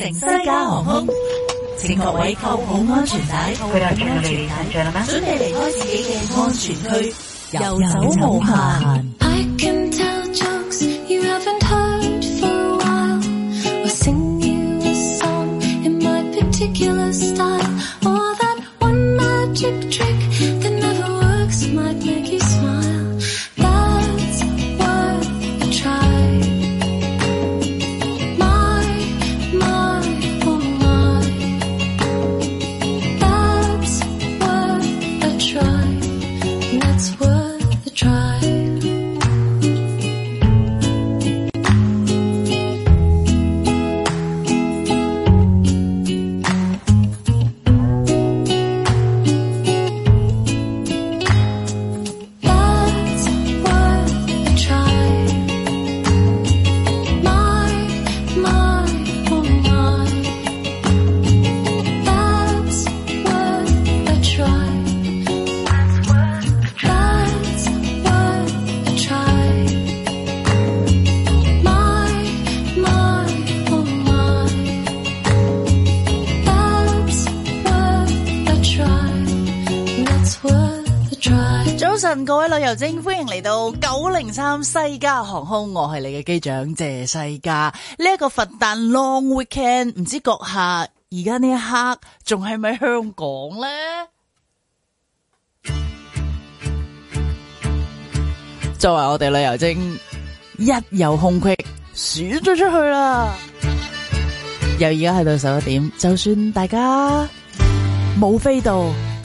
乘西加航空，請各位扣好安全帶，佢又着我離啦準備離開自己嘅安全區，有手冇限。西加航空，我係你嘅機長謝西加。呢、這、一個佛誕 long weekend，唔知閣下而家呢一刻仲係咪香港咧？作為我哋旅遊精，一有空隙，選咗出去啦。又而家喺到十一點，就算大家冇飛到。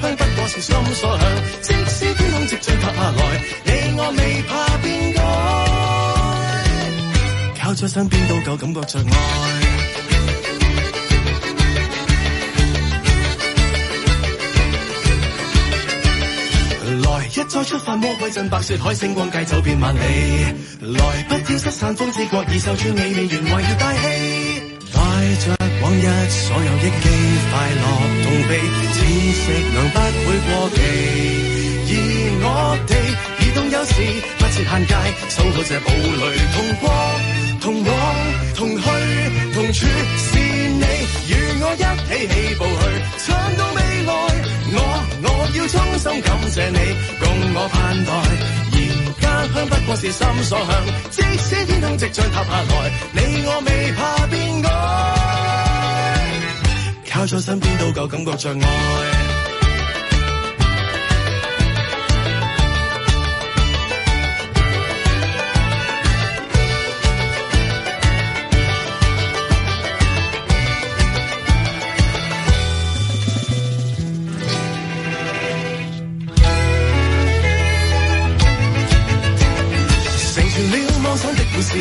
香不過是心所向，即使天空即將塌下來，你我未怕變改，靠着身邊都夠感覺着愛。來，一再出發魔鬼陣白雪海，星光界走遍萬里。來，不要失散風，風之國已受創，你未完還要大戲，帶着。往日所有憶記，快樂痛悲，似食糧，不會過期。而我哋耳聰有時不設限界，守好這堡壘，同過同往同去同處，是你與我一起起步去搶到未來。我我要衷心感謝你，共我盼待，而家鄉不過是心所向。即使天空即將塌下來，你我未怕變改。靠在身邊都夠感覺著愛。成全了妄想的故事，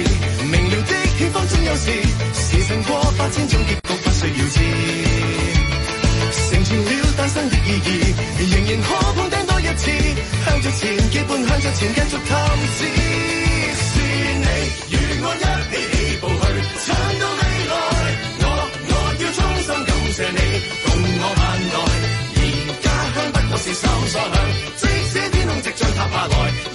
明瞭 的偏方 總有時。時辰過，八千種結局不需要知。一生的意義，仍然可攀登多一次。向着前，結伴向着前，繼續探知。是你與我一起起步去，闖到未來。我我要衷心感謝你，共我盼待。而家鄉不過是心所向，即使天空即將塌下來。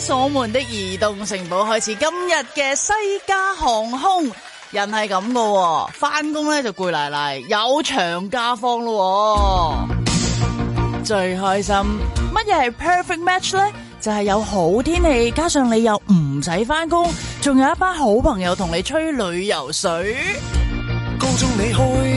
鎖門的移動城堡開始，今日嘅西加航空人係咁嘅，翻工咧就攰奶奶，有長假放咯，最開心乜嘢係 perfect match 咧？就係、是、有好天氣，加上你又唔使翻工，仲有一班好朋友同你吹旅遊水。高中你好。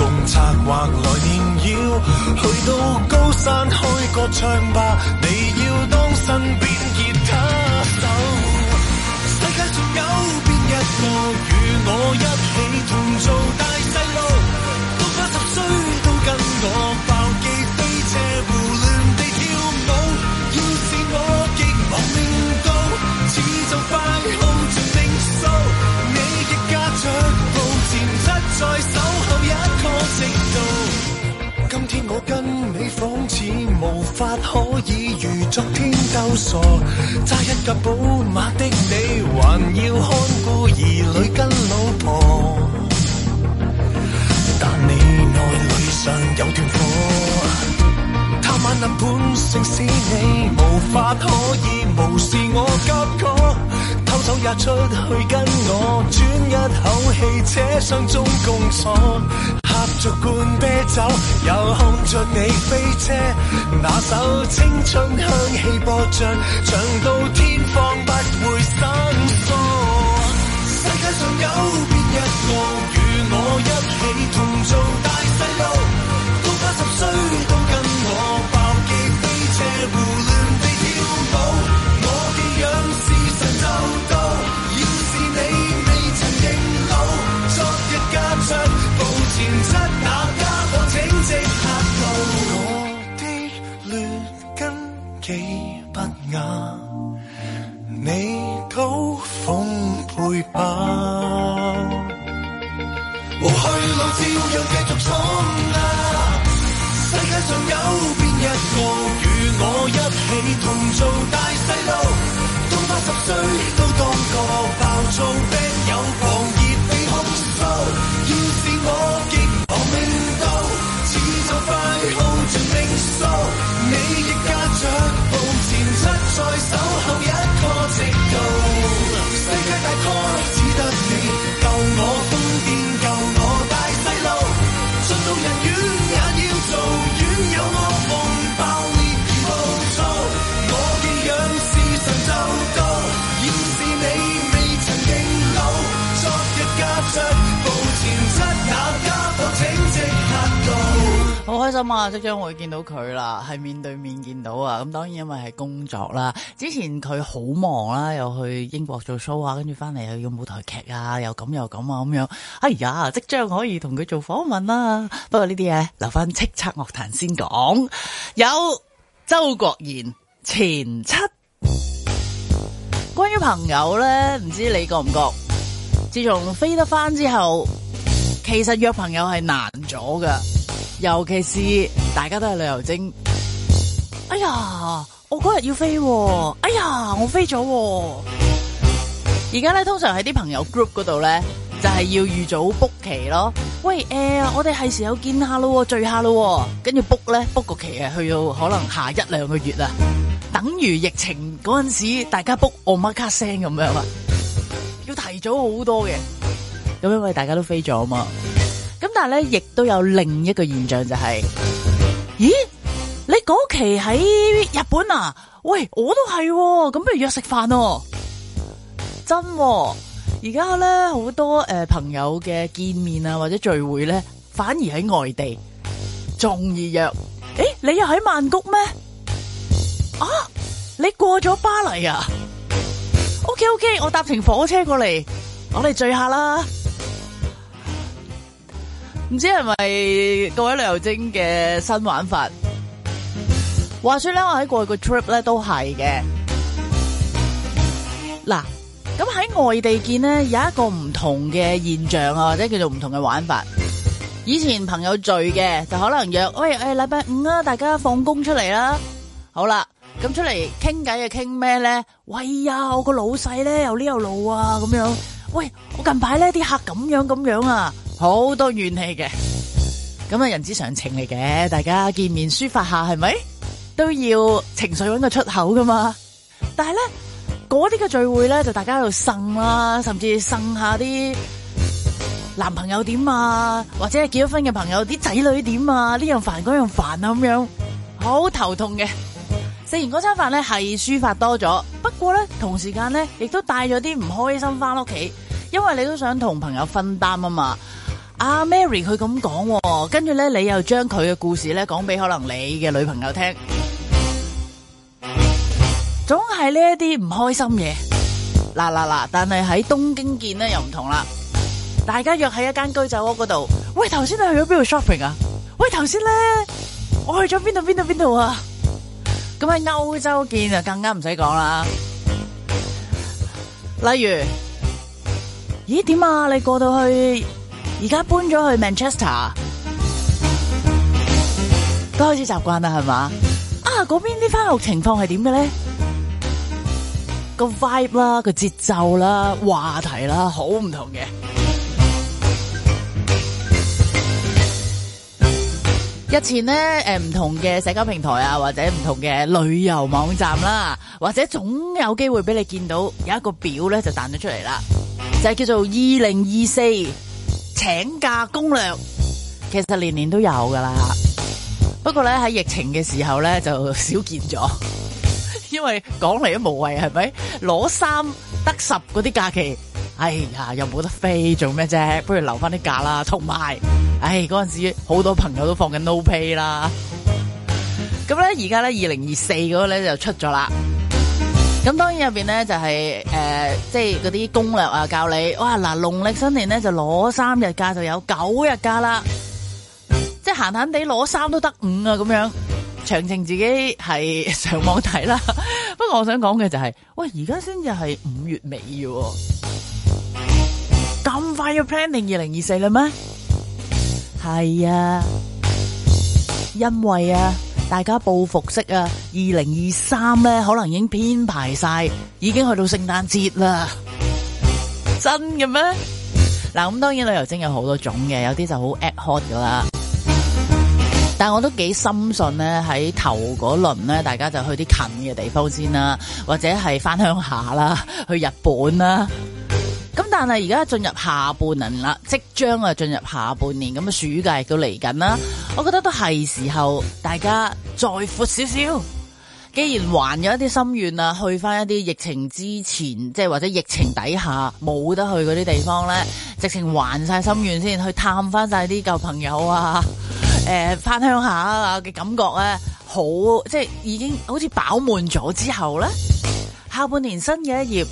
共策劃來年要去到高山開個唱吧。你要當身邊吉他手，世界上有邊一個與我一起同做大細路，到八十歲都跟我。寶馬的你還要看顧兒女跟老婆，但你內裏上有團火，貪婪本性使你無法可以無視我急渴，偷走，也出去跟我轉一口氣，車廂中共坐。着罐啤酒，又看着你飛車，那首青春香氣播着，唱到天荒不會生疏。世界上有邊一個與我一起同做大細路？無去路，照樣繼續衝啊！世界上有邊一個與我一起同做大細路，到八十歲都當個爆粗兵。即將會見到佢啦，係面對面見到啊！咁當然因為係工作啦。之前佢好忙啦，又去英國做 show 啊，跟住翻嚟又要舞台劇啊，又咁又咁啊咁樣。哎呀，即將可以同佢做訪問啦。不過呢啲嘢留翻叱咤樂壇先講。有周國賢前七，關於朋友呢，唔知你覺唔覺？自從飛得翻之後，其實約朋友係難咗噶。尤其是大家都係旅遊精，哎呀，我嗰日要飛、啊，哎呀，我飛咗、啊。而家咧通常喺啲朋友 group 嗰度咧，就係、是、要預早 book 期咯。喂，誒、呃，我哋係時候見下咯，聚下咯，跟住 book 咧 book 個期啊，去到可能下一兩個月啊，等於疫情嗰陣時大家 book 澳門卡聲咁樣啊，要提早好多嘅。咁因為大家都飛咗啊嘛。但係咧，亦都有另一個現象就係、是，咦？你嗰期喺日本啊？喂，我都係、啊，咁不如約食飯咯？真、啊，而家咧好多誒、呃、朋友嘅見面啊或者聚會咧，反而喺外地仲意約。誒，你又喺曼谷咩？啊，你過咗巴黎啊？OK OK，我搭乘火車過嚟，我哋聚下啦。唔知係咪各位旅遊精嘅新玩法？話說咧，我喺過去個 trip 咧都係嘅。嗱，咁喺外地見咧有一個唔同嘅現象啊，或者叫做唔同嘅玩法。以前朋友聚嘅，就可能約，喂，誒，禮拜五啊，大家放工出嚟啦。好啦，咁出嚟傾偈嘅傾咩咧？喂呀，我個老細咧又呢又路啊，咁樣。喂，我近排咧啲客咁樣咁樣啊。好多怨氣嘅，咁啊人之常情嚟嘅，大家見面抒發下係咪都要情緒搵個出口噶嘛？但係咧嗰啲嘅聚會咧，就大家喺度呻啦，甚至呻下啲男朋友點啊，或者係結咗婚嘅朋友啲仔女點啊，呢樣煩嗰樣煩啊，咁樣好頭痛嘅。食完嗰餐飯咧係抒發多咗，不過咧同時間咧亦都帶咗啲唔開心翻屋企，因為你都想同朋友分擔啊嘛。阿 Mary 佢咁講，跟住咧你又將佢嘅故事咧講俾可能你嘅女朋友聽，總係呢一啲唔開心嘢。嗱嗱嗱，但係喺東京見咧又唔同啦，大家約喺一間居酒屋嗰度，喂頭先你去咗邊度 shopping 啊？喂頭先咧我去咗邊度邊度邊度啊？咁喺歐洲見就更加唔使講啦，例如，咦點啊？你過到去？而家搬咗去 Manchester，都開始習慣啦，係嘛？啊，嗰邊啲翻屋情況係點嘅咧？個 vibe 啦，個節奏啦，話題啦，好唔同嘅。日前呢，誒、呃、唔同嘅社交平台啊，或者唔同嘅旅遊網站啦，或者總有機會俾你見到有一個表咧，就彈咗出嚟啦，就係、是、叫做二零二四。請假攻略其實年年都有噶啦，不過咧喺疫情嘅時候咧就少見咗， 因為講嚟都無謂係咪？攞三得十嗰啲假期，哎呀又冇得飛，做咩啫？不如留翻啲假啦。同埋，唉嗰陣時好多朋友都放緊 no pay 啦。咁咧而家咧二零二四嗰個咧就出咗啦。咁當然入邊咧就係誒，即係嗰啲攻略啊，教你哇嗱，農曆新年咧就攞三日假就有九日假啦，即係閒閒地攞三都得五啊咁樣，詳情自己係上網睇啦。不過我想講嘅就係，喂而家先至係五月尾嘅，咁快要 planning 二零二四啦咩？係啊，因為啊。大家報復式啊！二零二三咧，可能已經編排晒，已經去到聖誕節啦！真嘅咩？嗱，咁 當然旅遊精有好多種嘅，有啲就好 at hot 噶啦。但係我都幾深信咧，喺頭嗰輪咧，大家就去啲近嘅地方先啦，或者係翻鄉下啦，去日本啦。咁但係而家進入下半年啦，即將啊進入下半年，咁啊暑假亦都嚟緊啦，我覺得都係時候大家再闊少少，既然還咗一啲心願啊，去翻一啲疫情之前，即係或者疫情底下冇得去嗰啲地方咧，直情還晒心願先，去探翻晒啲舊朋友啊，誒、呃，翻鄉下啊嘅感覺咧，好即係已經好似飽滿咗之後咧。下半年新嘅一頁，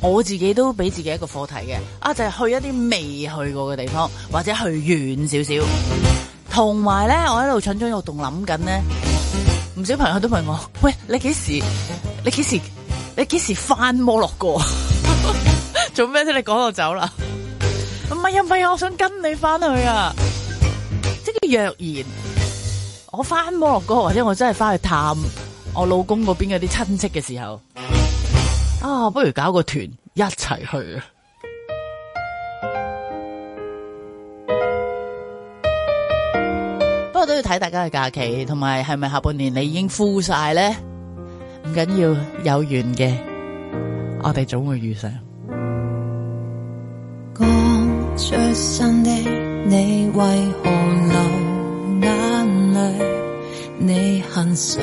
我自己都俾自己一個課題嘅，啊就係去一啲未去過嘅地方，或者去遠少少。同埋咧，我喺度蠢蠢欲動諗緊咧，唔少朋友都問我，喂，你幾時？你幾時？你幾時翻摩洛哥？ 做咩啫？你講我走啦？唔係啊，唔係啊，我想跟你翻去啊。即叫若然我翻摩洛哥，或者我真係翻去探我老公嗰邊嗰啲親戚嘅時候。啊，不如搞個團一齊去啊！不過都要睇大家嘅假期，同埋係咪下半年你已經敷晒呢？唔緊要，有緣嘅，我哋總會遇上。光著身的你為何流眼淚？你恨誰？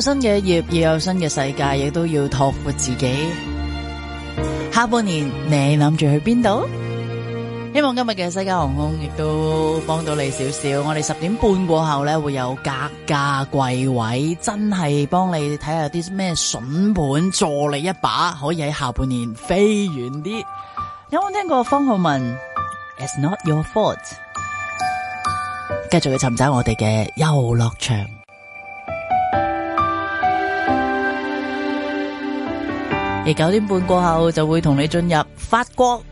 新嘅一頁要有新嘅世界，亦都要託付自己。下半年你諗住去邊度？希望今日嘅西加航空亦都幫到你少少。我哋十點半過後咧會有格價櫃位，真係幫你睇下啲咩筍盤，助你一把，可以喺下半年飛遠啲。有冇聽過方浩文？It's not your fault。繼續去尋找我哋嘅遊樂場。而九點半過後就會同你進入法國。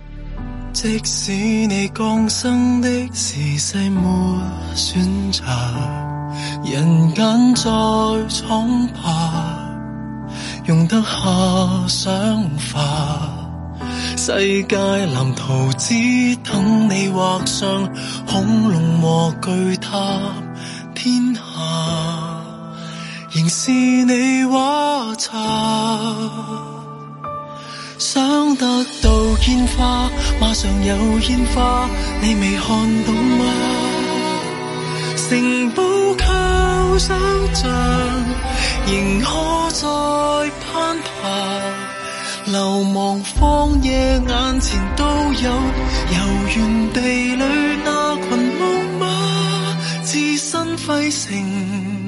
即使你降生的時世沒選擇，人間再寵怕，用得下想法。世界藍圖只等你劃上恐龍和巨塔。天下仍是你畫策。想得到煙花，馬上有煙花，你未看到嗎？城堡靠想像，仍可再攀爬。流亡荒野眼前都有，遊園地裏那群木馬，置身廢城。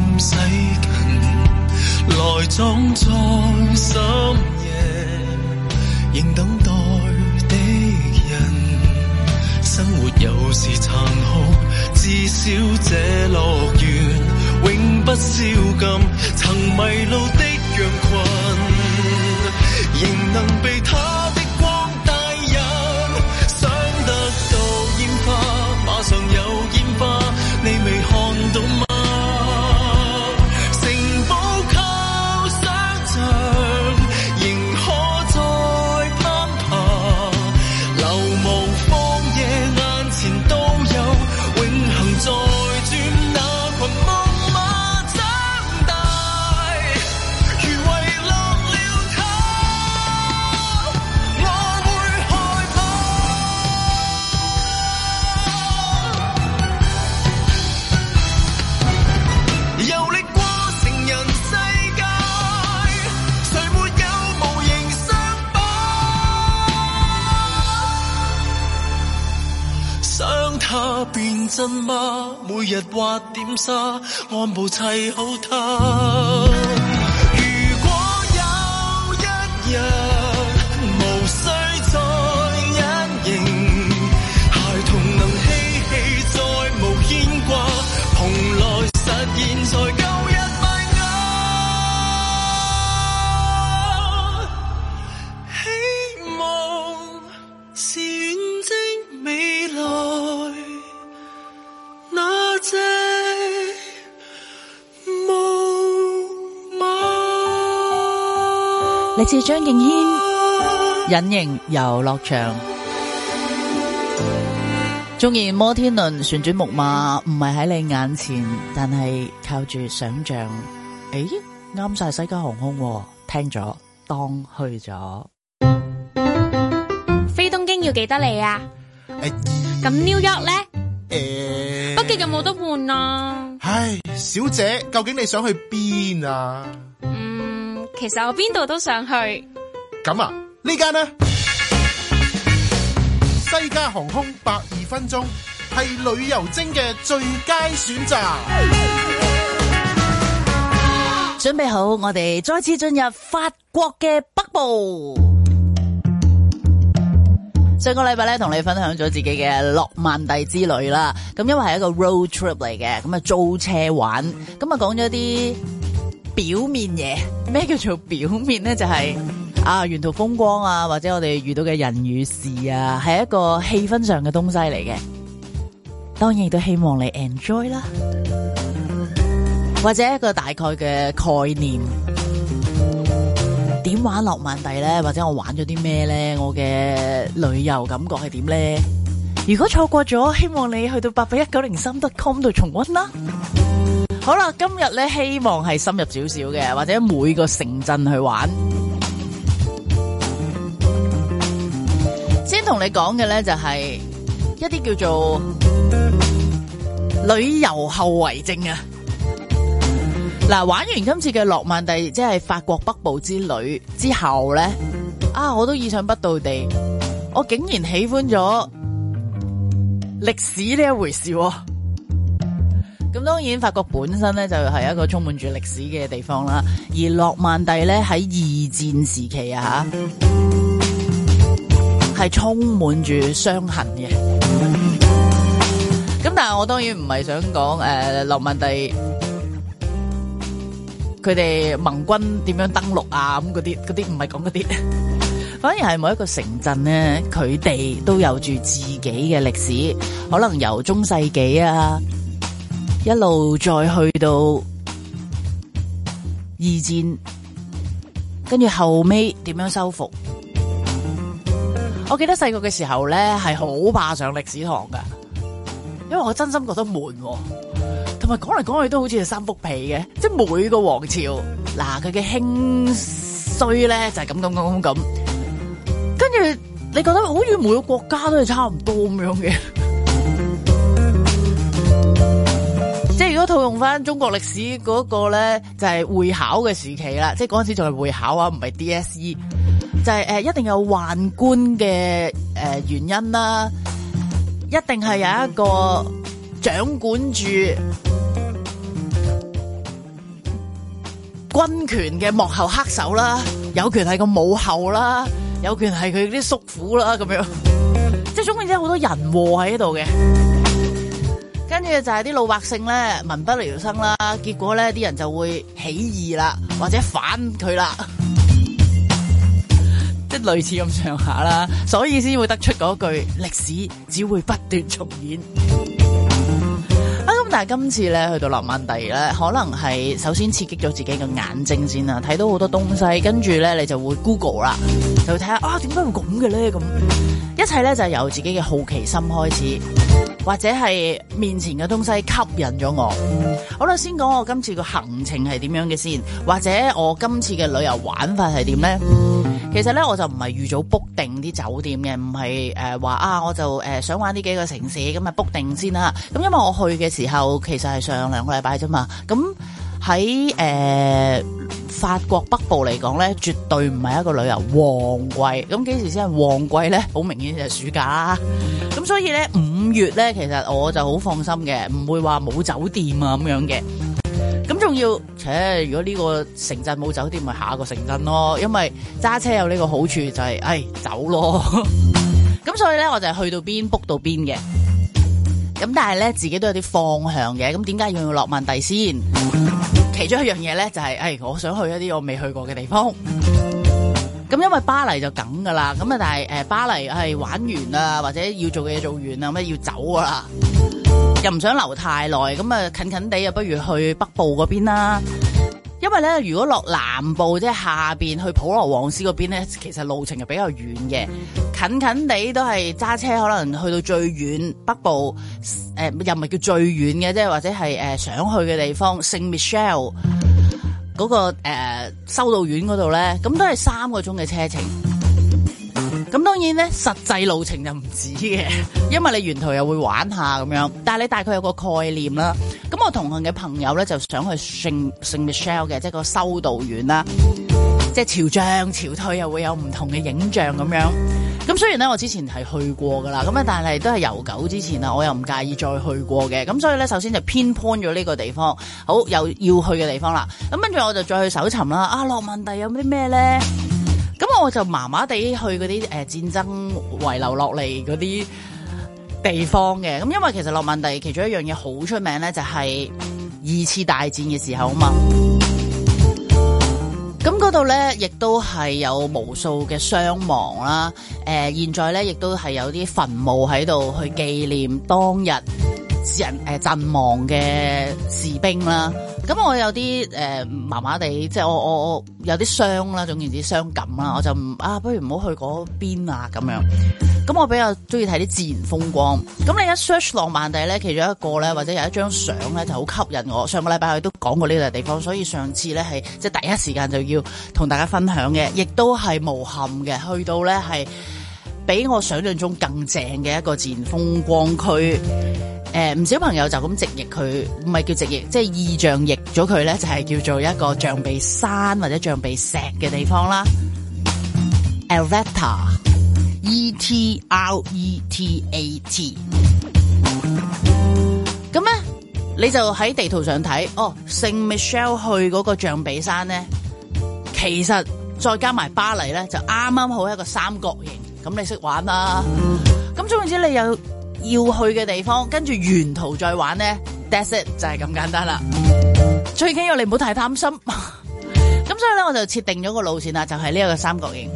世間，來裝載深夜，仍等待的人。生活有時殘酷，至少這樂園永不消禁，曾迷路的羊群，仍能被他的光帶引。想得到煙花，馬上有煙。真嗎？每日挖點沙，按部砌好它。嗯嚟自張敬軒，隱形遊樂場，中意摩天輪、旋轉木馬，唔係喺你眼前，但係靠住想象。誒，啱晒西加航空，聽咗當去咗。飛東京要幾多里啊？咁紐約咧？誒，北京有冇得換啊？唉，小姐，究竟你想去邊啊？其實我邊度都想去，啊，咁啊呢間呢， 西加航空百二分鐘係旅遊精嘅最佳選擇。 準備好，我哋再次進入法國嘅北部。 上個禮拜咧，同你分享咗自己嘅諾曼蒂之旅啦。咁因為係一個 road trip 嚟嘅，咁啊租車玩，咁啊講咗啲。表面嘢，咩叫做表面咧？就係、是、啊，沿途風光啊，或者我哋遇到嘅人與事啊，係一個氣氛上嘅東西嚟嘅。當然亦都希望你 enjoy 啦，或者一個大概嘅概念。點玩諾曼底咧？或者我玩咗啲咩咧？我嘅旅遊感覺係點咧？如果錯過咗，希望你去到八八一九零三點 com 度重溫啦。好啦，今日咧希望係深入少少嘅，或者每個城鎮去玩。 先同你講嘅咧就係、是、一啲叫做旅遊後遺症啊！嗱，玩完今次嘅諾曼第，即係法國北部之旅之後咧，啊，我都意想不到地，我竟然喜歡咗歷史呢一回事、啊。咁當然，法國本身咧就係一個充滿住歷史嘅地方啦。而諾曼第咧喺二戰時期啊吓，係充滿住傷痕嘅。咁 但係我當然唔係想講誒諾曼第佢哋盟軍點樣登陸啊咁嗰啲嗰啲，唔係講嗰啲， 反而係每一個城鎮咧，佢哋都有住自己嘅歷史，可能由中世紀啊。一路再去到二戰，跟住後尾點樣收復？我記得細個嘅時候咧，係好怕上歷史堂㗎，因為我真心覺得悶，同埋講嚟講去都好似係三幅皮嘅，即係每個王朝嗱佢嘅興衰咧就係咁咁咁咁咁，跟住你覺得好似每個國家都係差唔多咁樣嘅。套用翻中國歷史嗰個咧，就係、是、會考嘅時期啦，即係嗰陣時仲係會考啊，唔係 DSE，就係、是、誒、呃、一定有宦官嘅誒、呃、原因啦，一定係有一個掌管住軍權嘅幕後黑手啦，有權係個母后啦，有權係佢啲叔父啦，咁樣，即係總之，有好多人禍喺度嘅。跟住就係啲老百姓咧，民不聊生啦，結果咧，啲人就會起義啦，或者反佢啦，即係 類似咁上下啦，所以先會得出嗰句歷史只會不斷重演。 啊咁，但係今次咧去到諾曼第咧，可能係首先刺激咗自己嘅眼睛先啊，睇到好多東西，跟住咧你就會 Google 啦，就睇下啊，點解會咁嘅咧。咁，一切咧就係由自己嘅好奇心開始。或者係面前嘅東西吸引咗我。好啦，先講我今次個行程係點樣嘅先，或者我今次嘅旅遊玩法係點咧？其實咧，我就唔係預早 book 定啲酒店嘅，唔係誒話啊，我就誒、呃、想玩呢幾個城市咁啊 book 定先啦。咁因為我去嘅時候，其實係上兩個禮拜啫嘛，咁。喺誒法國北部嚟講咧，絕對唔係一個旅遊旺季。咁幾時先係旺季咧？好明顯就係暑假啦。咁所以咧，五月咧，其實我就好放心嘅，唔會話冇酒店啊咁樣嘅。咁仲要，如果呢個城鎮冇酒店，咪下一個城鎮咯。因為揸車有呢個好處，就係誒走咯。咁所以咧，我就係去到邊 book 到邊嘅。咁但係咧，自己都有啲方向嘅。咁點解要用諾曼第先？其中一樣嘢咧，就係，誒，我想去一啲我未去過嘅地方。咁 因為巴黎就梗㗎啦，咁啊，但係誒，巴黎係玩完啦，或者要做嘅嘢做完啦，咁要走㗎啦，又唔想留太耐，咁啊，近近地啊，不如去北部嗰邊啦。因為咧，如果落南部即係下邊去普羅旺斯嗰邊咧，其實路程就比較遠嘅，嗯、近近地都係揸車可能去到最遠北部，誒、呃、又唔係叫最遠嘅，即係或者係誒、呃、想去嘅地方聖 Michelle 嗰、那個誒修道院嗰度咧，咁、呃、都係三個鐘嘅車程。咁當然咧，實際路程就唔止嘅，因為你沿途又會玩下咁樣。但係你大概有個概念啦。咁我同行嘅朋友咧就想去聖聖 Michel 嘅，即係個修道院啦。即係潮漲潮退又會有唔同嘅影像咁樣。咁雖然咧我之前係去過㗎啦，咁啊但係都係悠久之前啦，我又唔介意再去過嘅。咁所以咧首先就 pinpoint 咗呢個地方，好又要去嘅地方啦。咁跟住我就再去搜尋啦。啊，諾曼第有啲咩咧？咁我就麻麻地去嗰啲誒戰爭遺留落嚟嗰啲地方嘅，咁因為其實諾曼第其中一樣嘢好出名咧，就係二次大戰嘅時候啊嘛。咁嗰度咧亦都係有無數嘅傷亡啦，誒，現在咧亦都係有啲墳墓喺度去紀念當日。自人誒、呃、陣亡嘅士兵啦，咁我有啲誒麻麻地，即係我我我有啲傷啦，總言之傷感啦，我就唔啊，不如唔好去嗰邊啊咁樣。咁我比較中意睇啲自然風光。咁你一 search 浪漫地咧，其中一個咧，或者有一張相咧就好吸引我。上個禮拜佢都講過呢個地方，所以上次咧係即係第一時間就要同大家分享嘅，亦都係無憾嘅。去到咧係比我想像中更正嘅一個自然風光區。誒，唔、呃、少朋友就咁直譯佢，唔係叫直譯，即係意象譯咗佢咧，就係、是、叫做一個象鼻山或者象鼻石嘅地方啦 ita,、e。Etretat E T R E T A T，咁咧你就喺地圖上睇，哦，聖 Michelle 去嗰個象鼻山咧，其實再加埋巴黎咧，就啱啱好、就是、一個三角形，咁你識玩啦。咁總然之你有。要去嘅地方，跟住沿途再玩呢 That's it 就係咁簡單啦。最緊要你唔好太擔心。咁 所以咧，我就設定咗個路線啦，就係呢一個三角形。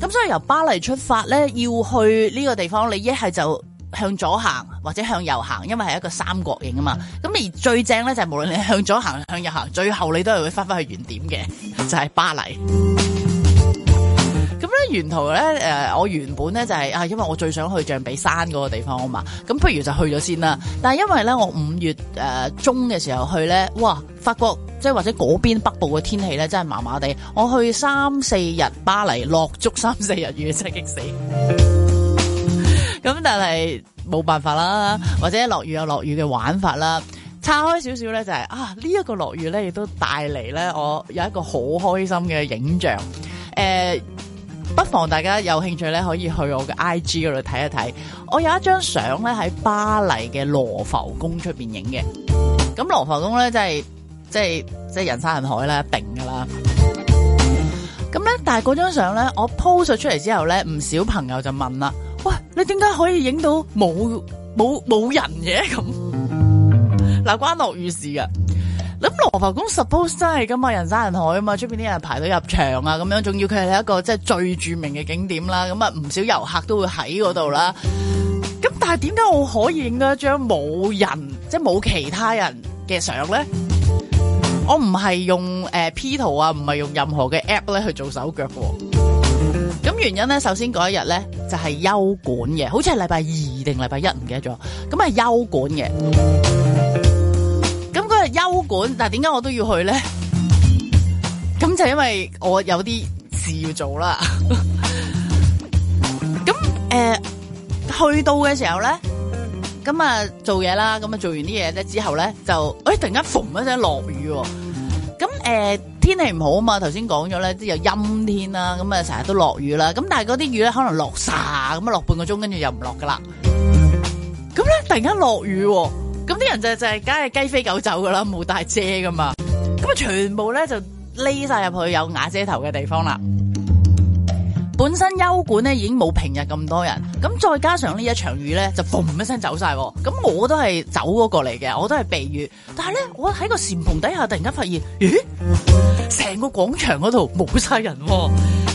咁所以由巴黎出發呢，要去呢個地方，你一係就向左行或者向右行，因為係一個三角形啊嘛。咁而最正呢，就係無論你向左行向右行，最後你都係會翻返去原點嘅，就係、是、巴黎。沿途咧誒、呃，我原本咧就係、是、啊，因為我最想去象鼻山嗰個地方啊嘛，咁不如就去咗先啦。但係因為咧我五月誒、呃、中嘅時候去咧，哇，法國即係或者嗰邊北部嘅天氣咧真係麻麻地。我去三四日巴黎，落足三四日雨，真係激死。 咁但係冇辦法啦，或者落雨有落雨嘅玩法啦。岔開少少咧，就係啊、這個、呢一個落雨咧，亦都帶嚟咧我有一個好開心嘅影像誒。呃不妨大家有興趣咧，可以去我嘅 I G 嗰度睇一睇。我有一張相咧，喺巴黎嘅羅浮宮出邊影嘅。咁羅浮宮咧，即係即係即係人山人海啦，一定噶啦。咁咧，但係嗰張相咧，我 po 咗出嚟之後咧，唔少朋友就問啦：喂，你點解可以影到冇冇冇人嘅？咁 嗱，關落雨事噶。咁羅浮宮 suppose 真係咁啊，人山人海啊嘛，出邊啲人排隊入場啊，咁樣，仲要佢係一個即係最著名嘅景點啦，咁啊唔少遊客都會喺嗰度啦。咁但係點解我可以影到一張冇人，即係冇其他人嘅相咧？我唔係用誒 P 圖啊，唔係用任何嘅 app 咧去做手腳喎。咁原因咧，首先嗰一日咧就係休館嘅，好似係禮拜二定禮拜一，唔記得咗。咁啊休館嘅。係休管，但係點解我都要去咧？咁就因為我有啲事要做啦。 咁、呃、誒，去到嘅時候咧，咁啊做嘢啦，咁啊做完啲嘢咧之後咧，就誒、欸、突然間逢一陣落雨。咁誒、呃、天氣唔好啊嘛，頭先講咗咧，啲又陰天啦、啊，咁啊成日都落雨啦。咁但係嗰啲雨咧可能落晒。咁啊落半個鐘，跟住又唔落噶啦。咁咧突然間落雨。咁啲人就就係梗係雞飛狗走噶啦，冇帶遮噶嘛，咁啊全部咧就匿晒入去有瓦遮頭嘅地方啦。本身休館咧已經冇平日咁多人，咁再加上呢一場雨咧就砰一聲走晒，咁我都係走咗過嚟嘅，我都係避雨。但係咧，我喺個禪棚底下突然間發現，咦，成個廣場嗰度冇晒人喎，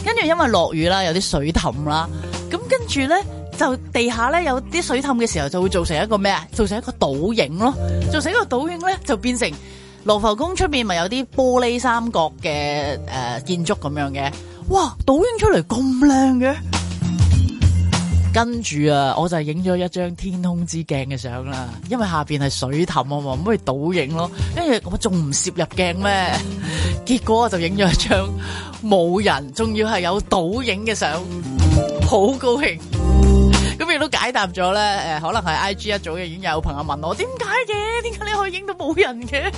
跟住因為落雨啦，有啲水凼啦，咁跟住咧。就地下咧有啲水氹嘅時候就會造成一個咩啊？造成一個倒影咯，造成一個倒影咧就變成羅浮宮出面咪有啲玻璃三角嘅，誒建築咁樣嘅，哇！倒影出嚟咁靚嘅，跟住啊我就係影咗一張天空之鏡嘅相啦，因為下邊係水氹啊嘛，咁咪倒影咯，跟住我仲唔攝入鏡咩？結果我就影咗一張冇人，仲要係有倒影嘅相，好高興。咁亦都解答咗咧，誒，可能係 I G 一早嘅，已經有朋友問我，點解嘅？點解你可以影到冇人嘅？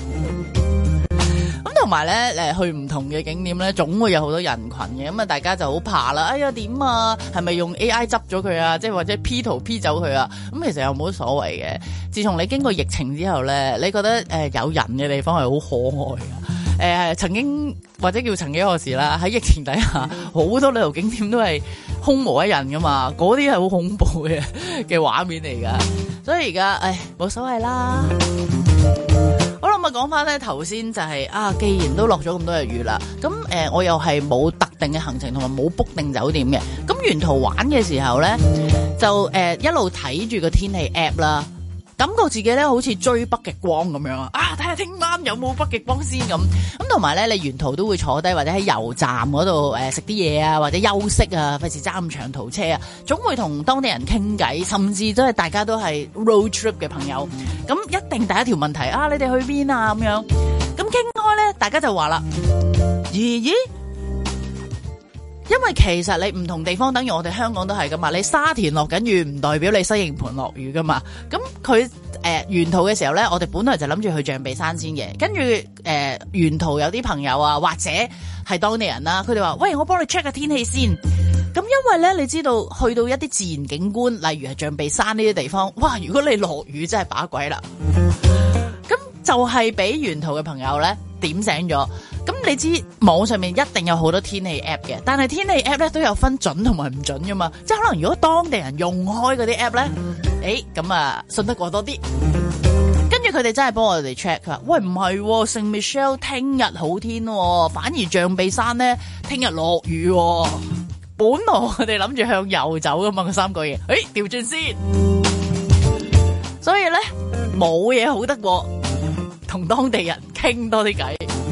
咁同埋咧，誒，去唔同嘅景點咧，總會有好多人群嘅。咁啊，大家就好怕啦。哎呀，點啊？係咪用 A I 執咗佢啊？即係或者 P 圖 P 走佢啊？咁其實又冇所謂嘅。自從你經過疫情之後咧，你覺得誒，有人嘅地方係好可愛啊？誒、呃，曾經或者叫曾幾何時啦，喺疫情底下，好多旅遊景點都係空無一人噶嘛，嗰啲係好恐怖嘅嘅畫面嚟噶。所以而家，誒，冇所謂啦。 好啦，咁啊，講翻咧，頭先就係啊，既然都落咗咁多日雨啦，咁誒、呃，我又係冇特定嘅行程同埋冇 book 定酒店嘅，咁沿途玩嘅時候咧，就誒、呃、一路睇住個天氣 app 啦。感覺自己咧好似追北極光咁樣啊！啊，睇下聽晚有冇北極光先咁。咁同埋咧，你沿途都會坐低或者喺油站嗰度誒食啲嘢啊，或者休息啊，費事揸咁長途車啊。總會同當地人傾偈，甚至都係大家都係 road trip 嘅朋友。咁一定第一條問題啊，你哋去邊啊咁樣？咁傾開咧，大家就話啦，咦？咦？因為其實你唔同地方，等於我哋香港都係噶嘛。你沙田落緊雨，唔代表你西營盤落雨噶嘛。咁佢誒，沿途嘅時候呢，我哋本來就諗住去象鼻山先嘅。跟住誒，沿途有啲朋友啊，或者係當地人啦、啊，佢哋話：喂，我幫你 check 下天氣先。咁因為呢，你知道去到一啲自然景觀，例如係象鼻山呢啲地方，哇！如果你落雨，真係把鬼啦。咁就係俾沿途嘅朋友呢點醒咗。咁你知網上面一定有好多天氣 app 嘅，但係天氣 app 咧都有分準同埋唔準噶嘛，即係可能如果當地人用開嗰啲 app 咧，誒、欸、咁啊信得過多啲，跟住佢哋真係幫我哋 check，佢話喂唔係，聖、哦、Michelle 聽日好天、哦，反而象鼻山咧聽日落雨、哦，本來我哋諗住向右走噶嘛，佢三個嘢誒調轉先，所以咧冇嘢好得過同當地人傾多啲偈。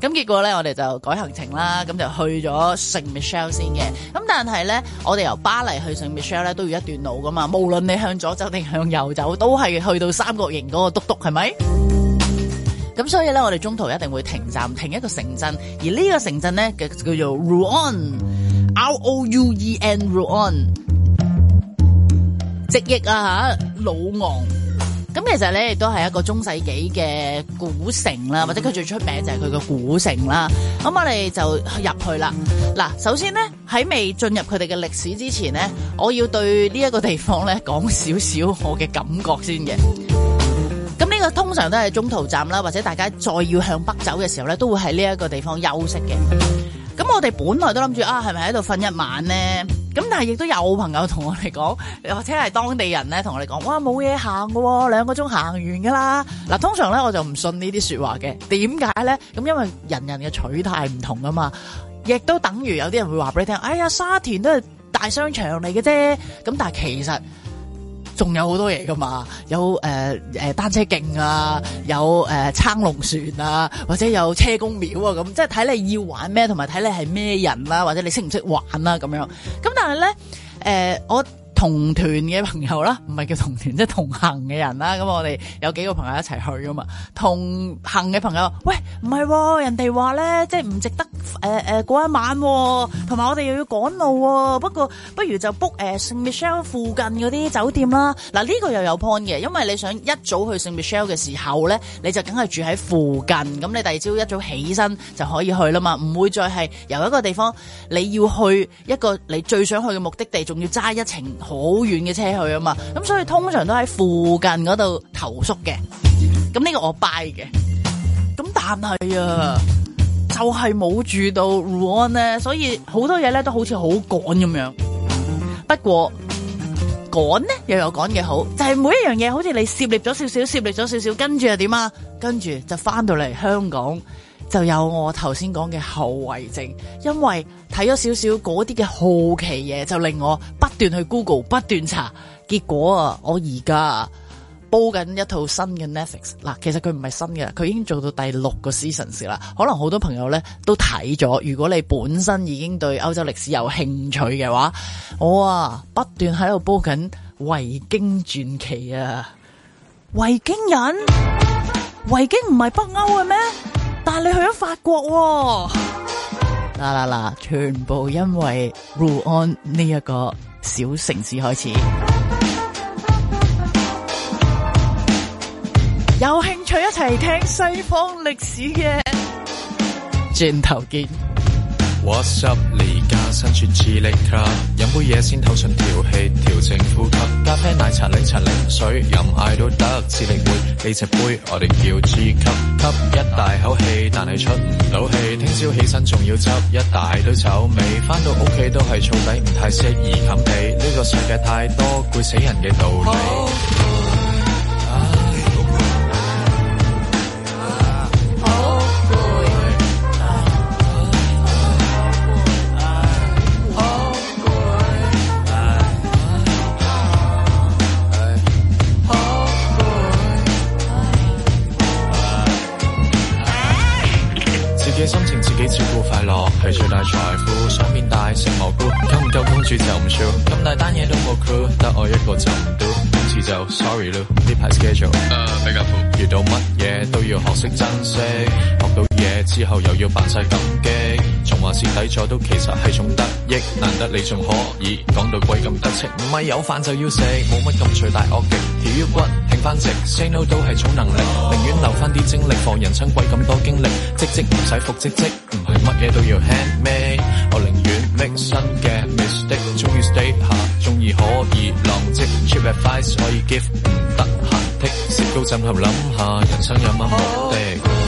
咁結果咧，我哋就改行程啦，咁就去咗聖米歇爾先嘅。咁但係咧，我哋由巴黎去聖米歇爾咧都要一段路㗎嘛，無論你向左走定向右走，都係去到三角形嗰個篤篤，係咪？咁所以咧，我哋中途一定會停站，停一個城鎮，而呢個城鎮咧嘅叫做魯昂，R O U E N 魯昂，直譯啊嚇，魯昂。咁其實咧亦都係一個中世紀嘅古城啦，或者佢最出名就係佢個古城啦。咁我哋就入去啦。嗱，首先咧喺未進入佢哋嘅歷史之前咧，我要對呢一個地方咧講少少我嘅感覺先嘅。咁呢個通常都係中途站啦，或者大家再要向北走嘅時候咧，都會喺呢一個地方休息嘅。咁我哋本來都諗住啊，係咪喺度瞓一晚咧？咁但係亦都有朋友同我哋講，或者係當地人咧同我哋講，哇，冇嘢行㗎喎、哦，兩個鐘行完㗎啦。嗱，通常咧我就唔信呢啲說話嘅，點解咧？咁因為人人嘅取態唔同啊嘛，亦都等於有啲人會話俾你聽，哎呀，沙田都係大商場嚟嘅啫。咁但係其實。仲有好多嘢㗎嘛，有誒誒、呃、單車徑啊，有誒、呃、撐龍船啊，或者有車公廟啊，咁即係睇你要玩咩，同埋睇你係咩人啦、啊，或者你識唔識玩啊。咁樣。咁但係咧，誒、呃、我。同團嘅朋友啦，唔係叫同團，即係同行嘅人啦。咁我哋有幾個朋友一齊去㗎嘛。同行嘅朋友，喂，唔係、哦，人哋話咧，即係唔值得誒誒過一晚、哦，同埋我哋又要趕路喎、哦。不過不如就 book、呃、michelle 附近嗰啲酒店啦。嗱呢個又有 point 嘅，因為你想一早去聖米歇 e 嘅時候咧，你就梗係住喺附近，咁你第二朝一早起身就可以去啦嘛，唔會再係由一個地方你要去一個你最想去嘅目的地，仲要揸一程。好遠嘅車去啊嘛，咁所以通常都喺附近嗰度投宿嘅。咁呢個我買嘅，咁但係啊，就係、是、冇住到 room 咧、啊，所以好多嘢咧都好似好趕咁樣。不過趕咧又有趕嘅好，就係、是、每一樣嘢好似你涉獵咗少少，涉獵咗少少，跟住又點啊？跟住就返到嚟香港。就有我頭先講嘅後遺症，因為睇咗少少嗰啲嘅好奇嘢，就令我不斷去 Google 不斷查，結果啊，我而家煲緊一套新嘅 Netflix 嗱，其實佢唔係新嘅，佢已經做到第六個 season 啦，可能好多朋友咧都睇咗。如果你本身已經對歐洲歷史有興趣嘅話，我啊不斷喺度煲緊《維京傳奇》啊，《維京人》維京，維京唔係北歐嘅咩？但你去咗法國喎，哦，嗱嗱嗱，全部因為 r 盧安呢一個小城市開始。有興趣一齊聽西方歷史嘅，轉頭見。身處智力卡，飲杯嘢先上調，透順調氣，調整呼吸。咖啡奶茶、檸茶、檸水，任嗌都得。智力滿，你隻杯我哋叫 G 級，吸一大口氣，但係出唔到氣。聽朝起身仲要執一大堆酒味，翻到屋企都係燥底，唔太適宜冚被。呢、這個世界太多攰死人嘅道理。自己照顧快樂係最大財富，想變大成蘑菇，溝唔到公主就唔笑，咁大單嘢都冇 clue，得我一個就唔到，今次就 sorry 了，呢排 schedule 比較闊。遇到乜嘢都要學識珍惜，學到嘢之後又要扮曬感激，從話是底座都其實係種得益，難得你仲可以講到鬼咁得戚，唔係有飯就要食，冇乜咁罪大惡極，條腰骨翻直，say no 都係種能力，寧願留翻啲精力，放人生鬼咁多經歷。積積唔使復積積，唔係乜嘢都要 hand 咩？我寧願 make 新嘅 mistake，終於 stay 下，中意可以浪跡。Cheap advice 可以 give，唔得閒剔，食到整合諗下，人生有乜目的？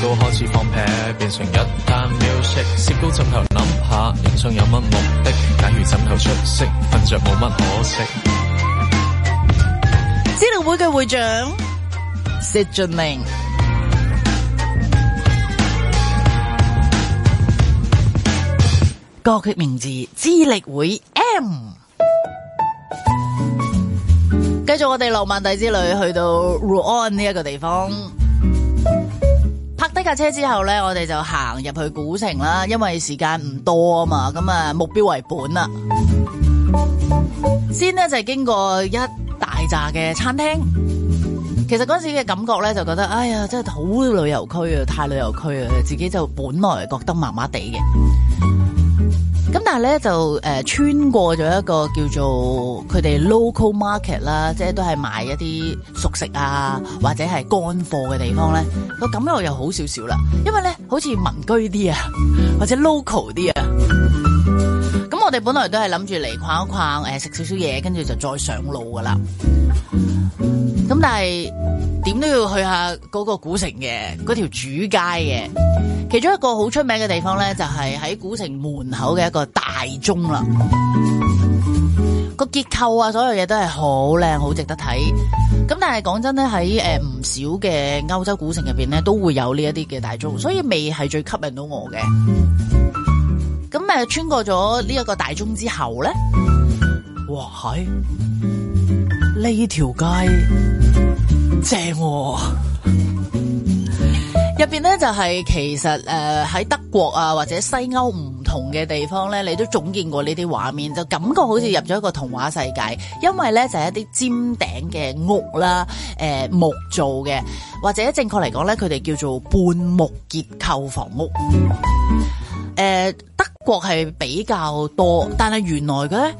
都開始放屁，變成一單 music。攝高枕頭諗下，人生有乜目的？假如枕頭出色，瞓着冇乜可惜。資料會嘅會長薛俊明，歌曲名字《資力會 M》嗯。繼續我哋諾曼第之旅，去到 Rouen 呢一個地方。架車之後咧，我哋就行入去古城啦，因為時間唔多啊嘛，咁啊目標為本啦。先呢就係經過一大扎嘅餐廳，其實嗰陣時嘅感覺咧，就覺得哎呀，真係好旅遊區啊，太旅遊區啊，自己就本來覺得麻麻地嘅。咁但係咧就誒、呃、穿過咗一個叫做佢哋 local market 啦，即係都係賣一啲熟食啊或者係乾貨嘅地方咧，個感覺又好少少啦，因為咧好似民居啲啊或者 local 啲啊，咁我哋本來都係諗住嚟逛一逛誒食少少嘢，跟住就再上路噶啦。咁但係點都要去下嗰個古城嘅嗰條主街嘅，其中一個好出名嘅地方咧，就係喺古城門口嘅一個大鐘啦。個結構啊，所有嘢都係好靚，好值得睇。咁但係講真咧，喺誒唔少嘅歐洲古城入邊咧，都會有呢一啲嘅大鐘，所以未係最吸引到我嘅。咁誒，穿過咗呢一個大鐘之後咧，哇係！呢條街正、哦，入邊呢就係、是、其實誒喺、呃、德國啊或者西歐唔同嘅地方咧，你都總見過呢啲畫面，就感覺好似入咗一個童話世界。因為咧就係、是、一啲尖頂嘅屋啦，誒、呃、木做嘅，或者正確嚟講咧，佢哋叫做半木結構房屋。誒、呃，德國係比較多，但係原來嘅咧。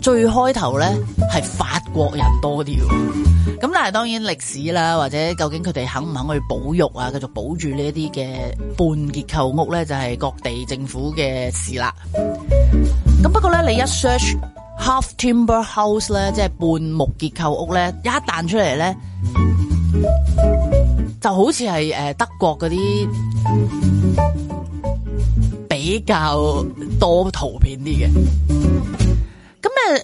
最開頭咧係法國人多啲，咁但係當然歷史啦，或者究竟佢哋肯唔肯去保育啊，繼續保住呢一啲嘅半結構屋咧，就係各地政府嘅事啦。咁不過咧，你一 search half timber house 咧，即係半木結構屋咧，一彈出嚟咧，就好似係誒德國嗰啲比較多圖片啲嘅。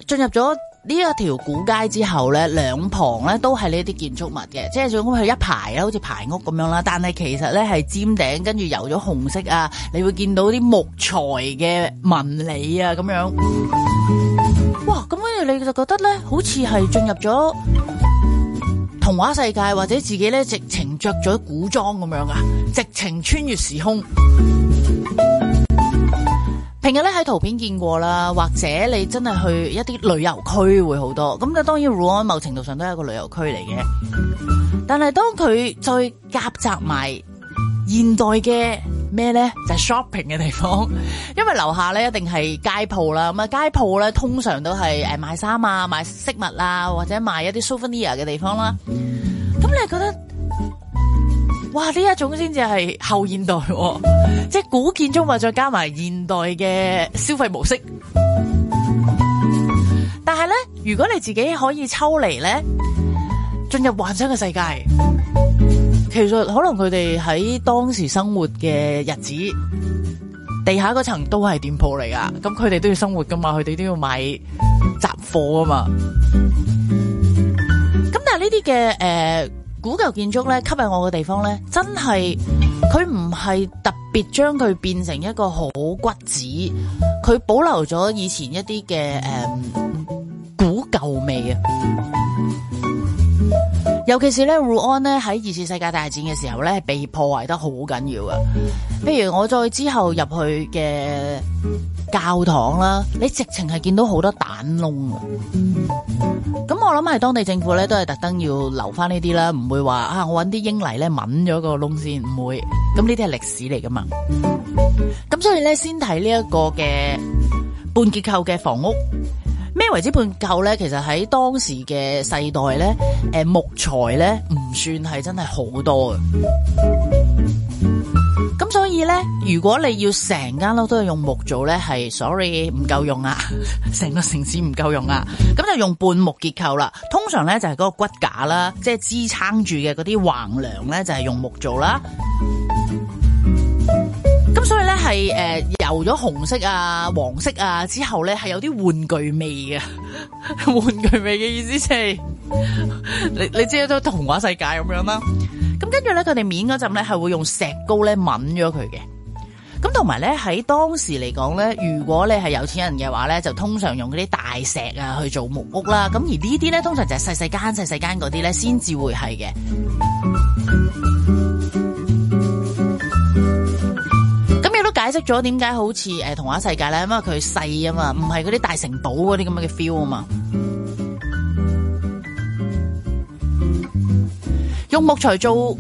進入咗呢一條古街之後咧，兩旁咧都係呢啲建築物嘅，即係總共係一排，好似排屋咁樣啦。但係其實咧係尖頂，跟住油咗紅色啊，你會見到啲木材嘅紋理啊，咁樣。 哇！咁跟住你就覺得咧，好似係進入咗童話世界，或者自己咧直情着咗古裝咁樣啊，直情穿，穿越時空。平日咧喺圖片見過啦，或者你真係去一啲旅遊區會好多，咁就當然魯安某程度上都係一個旅遊區嚟嘅，但係當佢再夾雜埋現代嘅咩咧，就係、是、shopping 嘅地方，因為樓下咧一定係街鋪啦，咁啊街鋪咧通常都係誒賣衫啊、賣飾物啊，或者賣一啲 souvenir 嘅地方啦，咁你覺得？哇！呢一種先至係後現代，啊，即係古建築物再加埋現代嘅消費模式。但係咧，如果你自己可以抽離咧，進入幻想嘅世界，其實可能佢哋喺當時生活嘅日子，地下嗰層都係店鋪嚟噶。咁佢哋都要生活噶嘛，佢哋都要買雜貨啊嘛。咁但係呢啲嘅誒。呃古舊建築咧，吸引我嘅地方咧，真係佢唔係特別將佢變成一個好骨子，佢保留咗以前一啲嘅、嗯、古舊味啊。尤其是咧，魯安咧喺二次世界大戰嘅時候咧，被破壞得好緊要啊。譬如我再之後入去嘅教堂啦，你直情係見到好多彈窿啊。咁我諗係當地政府咧都係特登要留翻呢啲啦，唔會話啊我揾啲英泥咧抦咗個窿先，唔會。咁呢啲係歷史嚟噶嘛。咁所以咧，先睇呢一個嘅半結構嘅房屋。咩為之半構咧？其實喺當時嘅世代咧，誒木材咧唔算係真係好多嘅。咁所以咧，如果你要成間屋都係用木做咧，係 sorry 唔夠用啊！成個城市唔夠用啊！咁就用半木結構啦。通常咧就係嗰個骨架啦，即係支撐住嘅嗰啲橫樑咧就係用木做啦。係誒、呃，油咗紅色啊、黃色啊之後咧，係有啲玩具味嘅。 玩具味嘅意思即係， 你你知道都童話世界咁樣啦。咁跟住咧，佢哋面嗰浸咧係會用石膏咧抿咗佢嘅。咁同埋咧，喺、嗯、當時嚟講咧，如果你係有錢人嘅話咧，就通常用嗰啲大石啊去做木屋啦。咁而呢啲咧，通常就係細細間、細細間嗰啲咧先至會係嘅。嗯解釋咗點解好似誒童話世界咧，因為佢細啊嘛，唔係嗰啲大城堡嗰啲咁嘅 feel 啊嘛。用木材做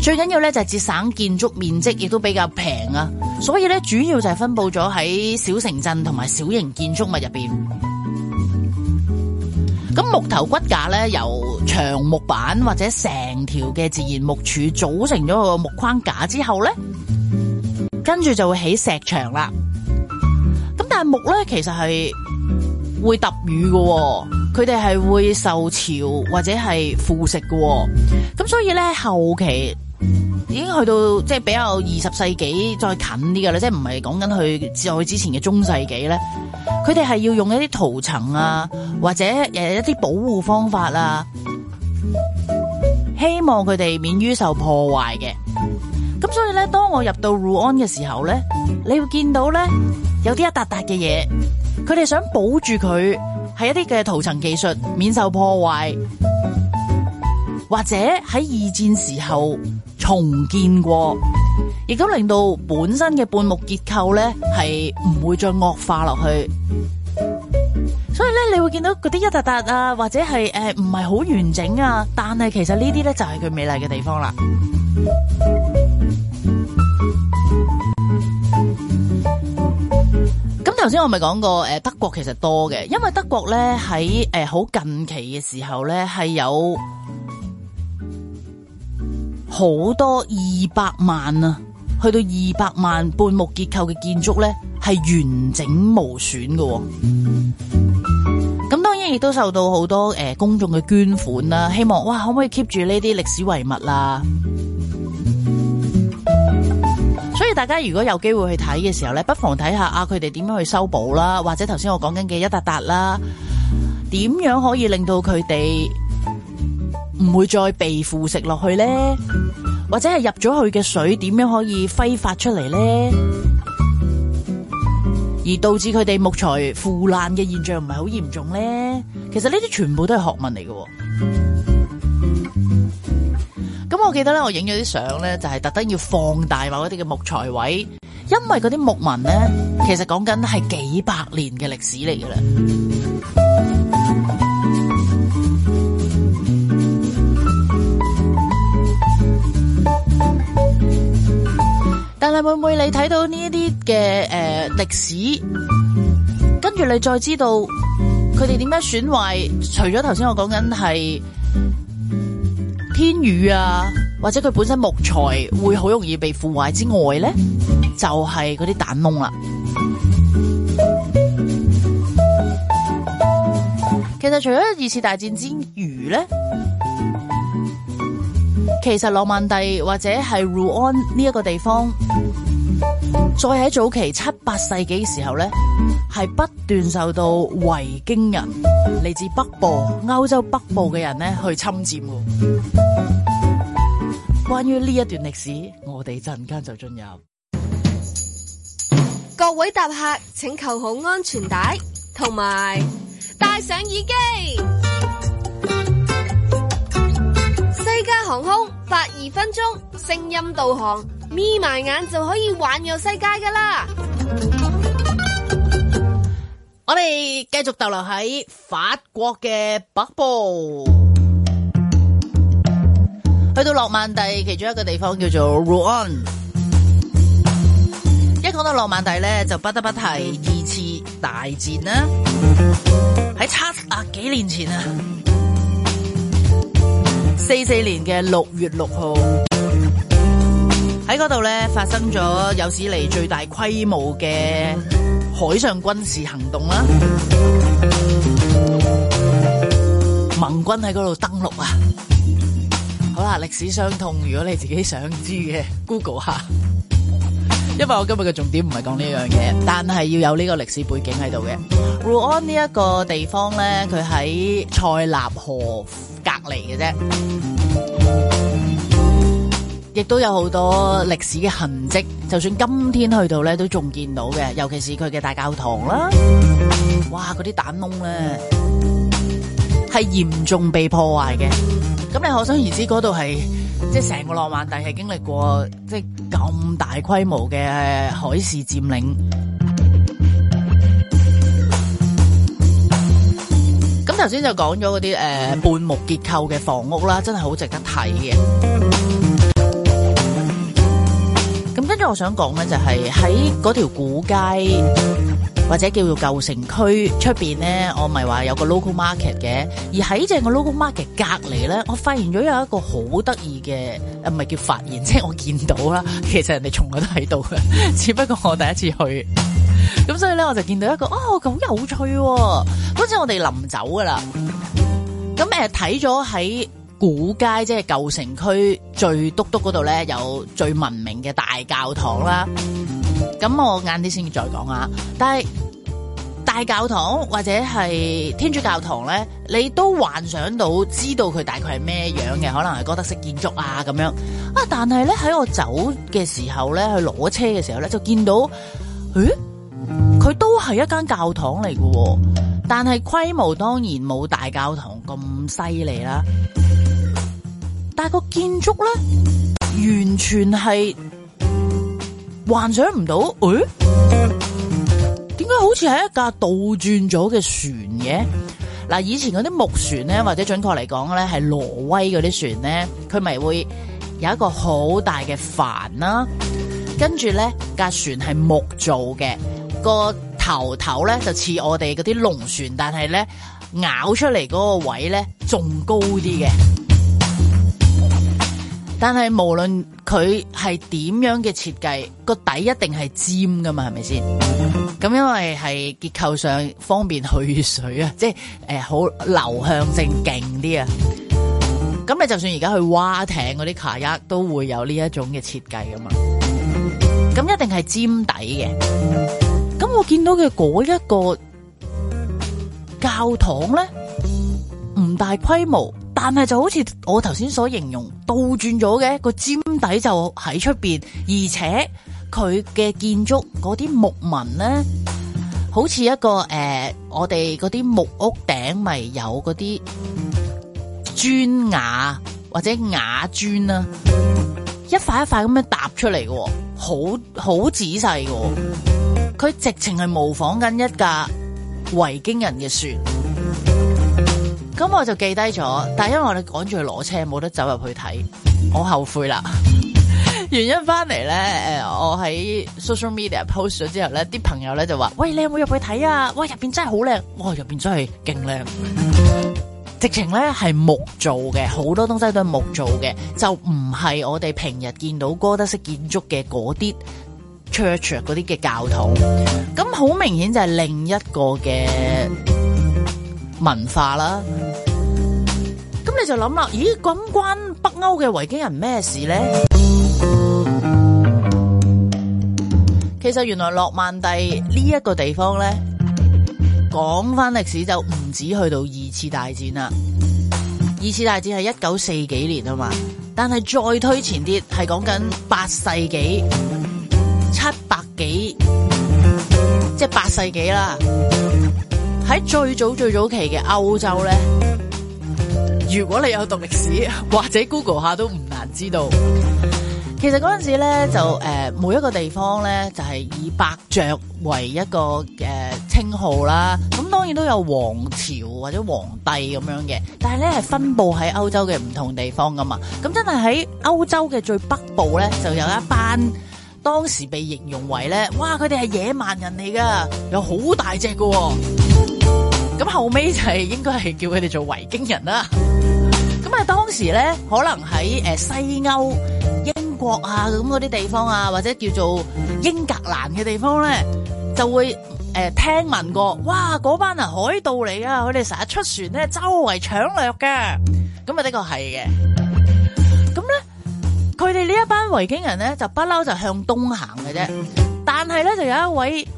最緊要咧，就係節省建築面積，亦都比較平啊。所以咧，主要就係分佈咗喺小城鎮同埋小型建築物入邊。咁木頭骨架咧，由長木板或者成條嘅自然木柱組成咗個木框架之後咧。跟住就會起石牆啦，咁但係木咧其實係會揼雨嘅，佢哋係會受潮或者係腐蝕嘅。哦，咁所以咧後期已經去到即係比較二十世紀再近啲噶啦，即係唔係講緊去再之前嘅中世紀咧，佢哋係要用一啲塗層啊或者誒一啲保護方法啦，啊、希望佢哋免於受破壞嘅。咁所以咧，當我入到盧安嘅時候咧，你會見到咧有啲一笪笪嘅嘢，佢哋想保住佢係一啲嘅塗層技術免受破壞，或者喺二戰時候重建過，亦都令到本身嘅半木結構咧係唔會再惡化落去。所以咧，你會見到嗰啲一笪笪啊，或者係誒唔係好完整啊，但係其實呢啲咧就係佢美麗嘅地方啦。頭先我咪講過，誒，德國其實多嘅，因為德國咧喺誒好近期嘅時候咧，係有好多二百萬啊，去到二百萬半木結構嘅建築咧，係完整無損嘅，哦。咁當然亦都受到好多誒、呃、公眾嘅捐款啦，希望哇，可唔可以 keep 住呢啲歷史遺物啦，啊？即係大家如果有機會去睇嘅時候咧，不妨睇下啊，佢哋點樣去修補啦，或者頭先我講緊嘅一笪笪啦，點樣可以令到佢哋唔會再被腐蝕落去咧？或者係入咗去嘅水點樣可以揮發出嚟咧？而導致佢哋木材腐爛嘅現象唔係好嚴重咧？其實呢啲全部都係學問嚟嘅。咁我記得咧，我影咗啲相咧，就係特登要放大某嗰啲嘅木材位，因為嗰啲木紋咧，其實講緊係幾百年嘅歷史嚟嘅啦。 但係會唔會你睇到呢一啲嘅誒歷史，跟住你再知道佢哋點樣損壞？除咗頭先我講緊係。天宇啊，或者佢本身木材會好容易被腐壞之外咧，就係嗰啲彈窿啦、啊。其實除咗二次大戰之餘咧，其實諾曼第或者係魯安呢一個地方，再喺早期七八世紀嘅時候咧，係不斷受到維京人，嚟自北部歐洲北部嘅人咧去侵佔嘅。關於呢一段歷史，我哋陣間就進入。各位搭客，請扣好安全帶，同埋戴上耳機。西加航空八二分鐘聲音導航，眯埋眼就可以環遊世界噶啦。我哋繼續逗留喺法國嘅北部，去到諾曼第其中一個地方叫做魯昂。一講到諾曼第咧，就不得不提二次大戰啦。喺七啊幾年前啊，四四年嘅六月六號。喺嗰度咧發生咗有史嚟最大規模嘅海上軍事行動啦，盟軍喺嗰度登陸啊好了！好啦，歷史傷痛，如果你自己想知嘅，Google 下。因為我今日嘅重點唔係講呢樣嘢，但係要有呢個歷史背景喺度嘅。魯安呢一個地方咧，佢喺塞納河隔籬嘅啫。亦都有好多歷史嘅痕跡，就算今天去到咧，都仲見到嘅。尤其是佢嘅大教堂啦，哇！嗰啲彈窿咧，係嚴重被破壞嘅。咁你可想而知，嗰度係即係成個浪漫地，係經歷過即係咁大規模嘅海事佔領。咁頭先就講咗嗰啲誒半木結構嘅房屋啦，真係好值得睇嘅。咁跟住我想講咧，就係喺嗰條古街或者叫做舊城區出邊咧，我咪話有個 local market 嘅。而喺正個 local market 隔離咧，我發現咗有一個好得意嘅，唔係叫發現，即係我見到啦。其實人哋從來都喺度嘅，只不過我第一次去。咁所以咧，我就見到一個，哦，咁有趣、哦。好似我哋臨走噶啦。咁誒睇咗喺。呃古街即係舊城區最篤篤嗰度咧，有最文明嘅大教堂啦。咁我晏啲先再講啊。但係大教堂或者係天主教堂咧，你都幻想到知道佢大概係咩樣嘅，可能係哥德式建築啊咁樣啊。但係咧喺我走嘅時候咧，去攞車嘅時候咧，就見到，誒，佢都係一間教堂嚟嘅喎。但係規模當然冇大教堂咁犀利啦，但係個建築咧，完全係幻想唔到，誒、哎，點解好似係一架倒轉咗嘅船嘅？嗱，以前嗰啲木船咧，或者準確嚟講咧，係挪威嗰啲船咧，佢咪會有一個好大嘅帆啦，跟住咧，架船係木造嘅，個。頭頭咧就似我哋嗰啲龍船，但係咧咬出嚟嗰個位咧仲高啲嘅。但係無論佢係點樣嘅設計，個底一定係尖噶嘛，係咪先？咁因為係結構上方便去水啊，即係誒好流向性勁啲啊。咁你就算而家去蛙艇嗰啲卡鴨，都會有呢一種嘅設計噶嘛。咁一定係尖底嘅。我見到嘅嗰一個教堂咧，唔大規模，但係就好似我頭先所形容倒轉咗嘅個尖底就喺出邊，而且佢嘅建築嗰啲木紋咧，好似一個誒、呃，我哋嗰啲木屋頂咪有嗰啲磚瓦或者瓦磚啊，一塊一塊咁樣搭出嚟嘅，好好仔細嘅。佢直情係模仿緊一架維京人嘅船，咁我就記低咗。但係因為我哋趕住去攞車，冇得走入去睇，我後悔啦。 原因翻嚟咧，誒，我喺 social media post 咗之後咧，啲朋友咧就話，喂，你有冇入去睇啊？哇，入面真係好靚，哇，入面真係勁靚。直情咧係木做嘅，好多東西都係木做嘅，就唔係我哋平日見到哥德式建築嘅嗰啲。church 嗰啲嘅教堂，咁好明顯就係另一個嘅文化啦。咁你就諗啦，咦，咁關北歐嘅維京人咩事咧？其實原來諾曼第呢一個地方咧，講翻歷史就唔止去到二次大戰啦。二次大戰係一九四幾年啊嘛，但係再推前啲係講緊八世紀。一百幾，即係八世紀啦。喺最早最早期嘅歐洲咧，如果你有讀歷史或者 Google 下都唔難知道。其實嗰陣時咧就誒、呃，每一個地方咧就係、是、以伯爵為一個誒、呃、稱號啦。咁當然都有皇朝或者皇帝咁樣嘅，但係咧係分布喺歐洲嘅唔同地方噶嘛。咁真係喺歐洲嘅最北部咧就有一班。當時被形容為咧，哇！佢哋係野蠻人嚟噶，有好大隻噶、哦。咁後尾就係、是、應該係叫佢哋做維京人啦。咁啊，當時咧可能喺誒、呃、西歐、英國啊咁嗰啲地方啊，或者叫做英格蘭嘅地方咧，就會誒、呃、聽聞過，哇！嗰班人海盜嚟啊，佢哋成日出船咧，周圍搶掠嘅。咁啊，的確係嘅。佢哋呢一班維京人咧，就不嬲就向東行嘅啫。但係咧，就有一位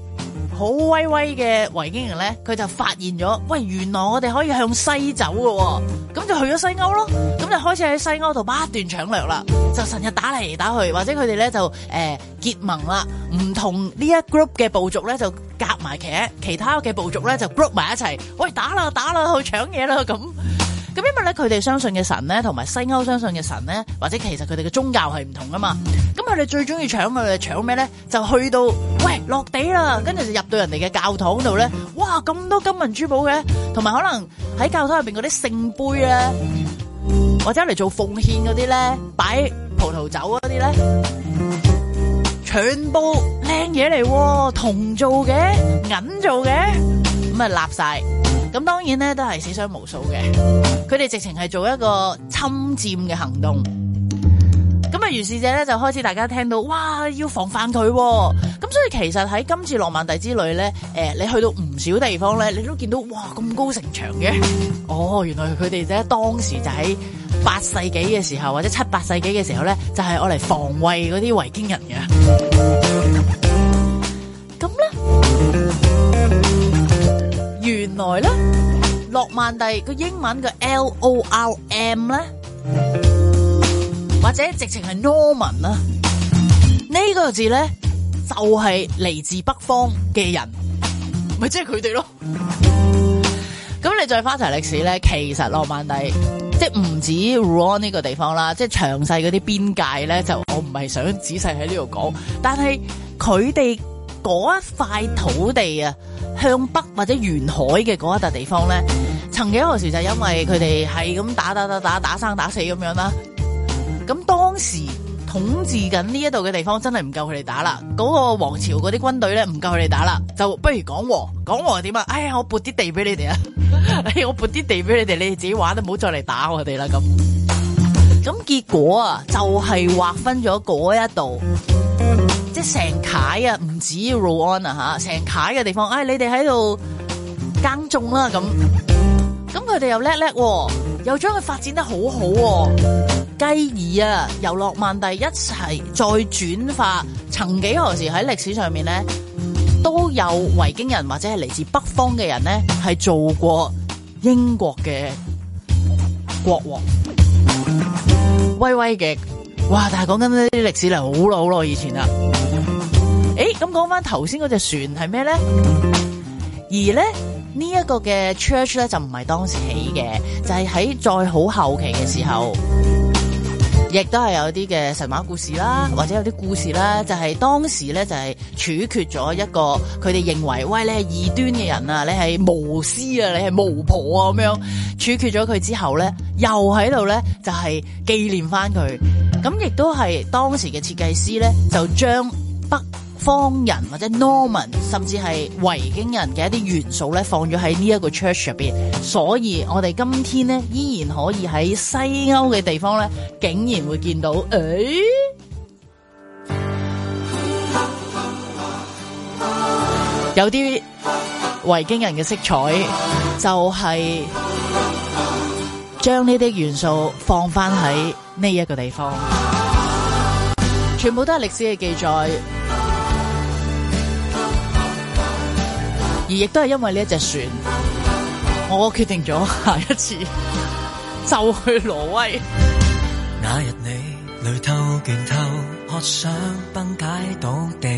好威威嘅維京人咧，佢就發現咗，喂，原來我哋可以向西走嘅，哦，咁就去咗西歐咯。咁就開始喺西歐度不斷搶掠啦，就成日打嚟打去，或者佢哋咧就誒、呃、結盟啦，唔同呢一 group 嘅部族咧就夾埋，其他其他嘅部族咧就 group 埋一齊，喂，打啦打啦去搶嘢啦咁。咁因為咧，佢哋相信嘅神咧，同埋西歐相信嘅神咧，或者其實佢哋嘅宗教係唔同噶嘛。咁佢哋最中意搶佢哋，搶咩咧？就去到喂落地啦，跟住就入到人哋嘅教堂度咧。哇，咁多金銀珠寶嘅，同埋可能喺教堂入邊嗰啲聖杯啊，或者嚟做奉獻嗰啲咧，擺葡萄酒嗰啲咧，全部靚嘢嚟，銅做嘅，銀做嘅，咁啊立晒。咁當然咧，都係死傷無數嘅。佢哋直情係做一個侵佔嘅行動。咁啊，於是者咧就開始大家聽到，哇，要防範佢、哦。咁所以其實喺今次羅曼帝之旅咧、呃，你去到唔少地方咧，你都見到，哇，咁高城長城牆嘅。哦，原來佢哋咧當時就喺八世紀嘅時候，或者七八世紀嘅時候咧，就係我嚟防衛嗰啲維京人嘅。原來咧，諾曼第個英文個 L O R M 咧，或者直情係 Norman 啊，呢、呢個字咧就係、是、嚟自北方嘅人，咪即係佢哋咯。咁你再翻查歷史咧，其實諾曼第即係唔止 Ron 呢個地方啦，即係詳細嗰啲邊界咧，就我唔係想仔細喺呢度講，但係佢哋嗰一塊土地啊。向北或者沿海嘅嗰一笪地方咧，曾幾何時就是因為佢哋係咁打打打打打生打死咁樣啦。咁當時統治緊呢一度嘅地方真係唔夠佢哋打啦，嗰、嗰個王朝嗰啲軍隊咧唔夠佢哋打啦，就不如講和，講和點啊？哎呀，我撥啲地俾你哋啊，哎，我撥啲地俾你哋，你哋自己玩都唔好再嚟打我哋啦咁。咁結果啊，就係、是、劃分咗嗰一度。成塊啊，唔止要羅安啊吓，成塊嘅地方，唉、哎，你哋喺度耕種啦、啊，咁，咁佢哋又叻叻，又將佢發展得好好，繼而啊，由諾曼第一齊再轉化。曾幾何時喺歷史上面咧，都有維京人或者係嚟自北方嘅人咧，係做過英國嘅國王。威威嘅，哇！但係講緊呢啲歷史，嚟好耐好耐以前啦。咁講翻頭先嗰隻船係咩咧？而咧呢一個嘅 church 咧就唔係當時起嘅，就係喺再好後期嘅時候，亦都係有啲嘅神話故事啦，或者有啲故事啦，就係當時咧就係處決咗一個佢哋認為喂，你係異端嘅人啊，你係巫師啊，你係巫婆啊，咁樣處決咗佢之後咧，又喺度咧就係紀念翻佢，咁亦都係當時嘅設計師咧就將方人或者 Norman 甚至係維京人嘅一啲元素咧，放咗喺呢一個 Church 入邊，所以我哋今天呢，依然可以喺西歐嘅地方咧，竟然會見到誒、欸，有啲維京人嘅色彩，就係將呢啲元素放翻喺呢一個地方，全部都係歷史嘅記載。而亦都係因為呢一隻船，我決定咗下一次就去挪威。那日你累透倦透，渴想崩解倒地，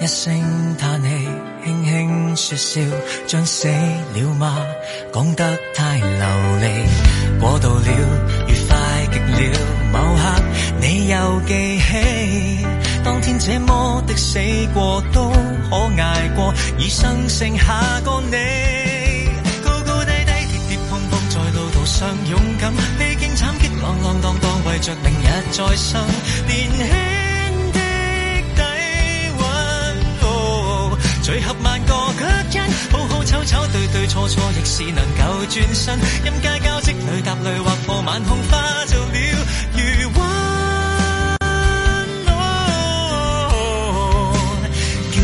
一聲嘆氣，輕輕説笑，將死了嗎？講得太流利，過度了，愉快極了，某刻你又記起。當天這麼的死過都可捱過，餘生剩下個你。高高低低跌跌碰碰在路途上勇敢，歷經慘劇浪浪蕩蕩為着明日再生。年輕的底蘊，聚合萬個腳印，好好丑醜對對錯錯，亦是能夠轉身。任街交積淚答淚劃破晚空，化做了如。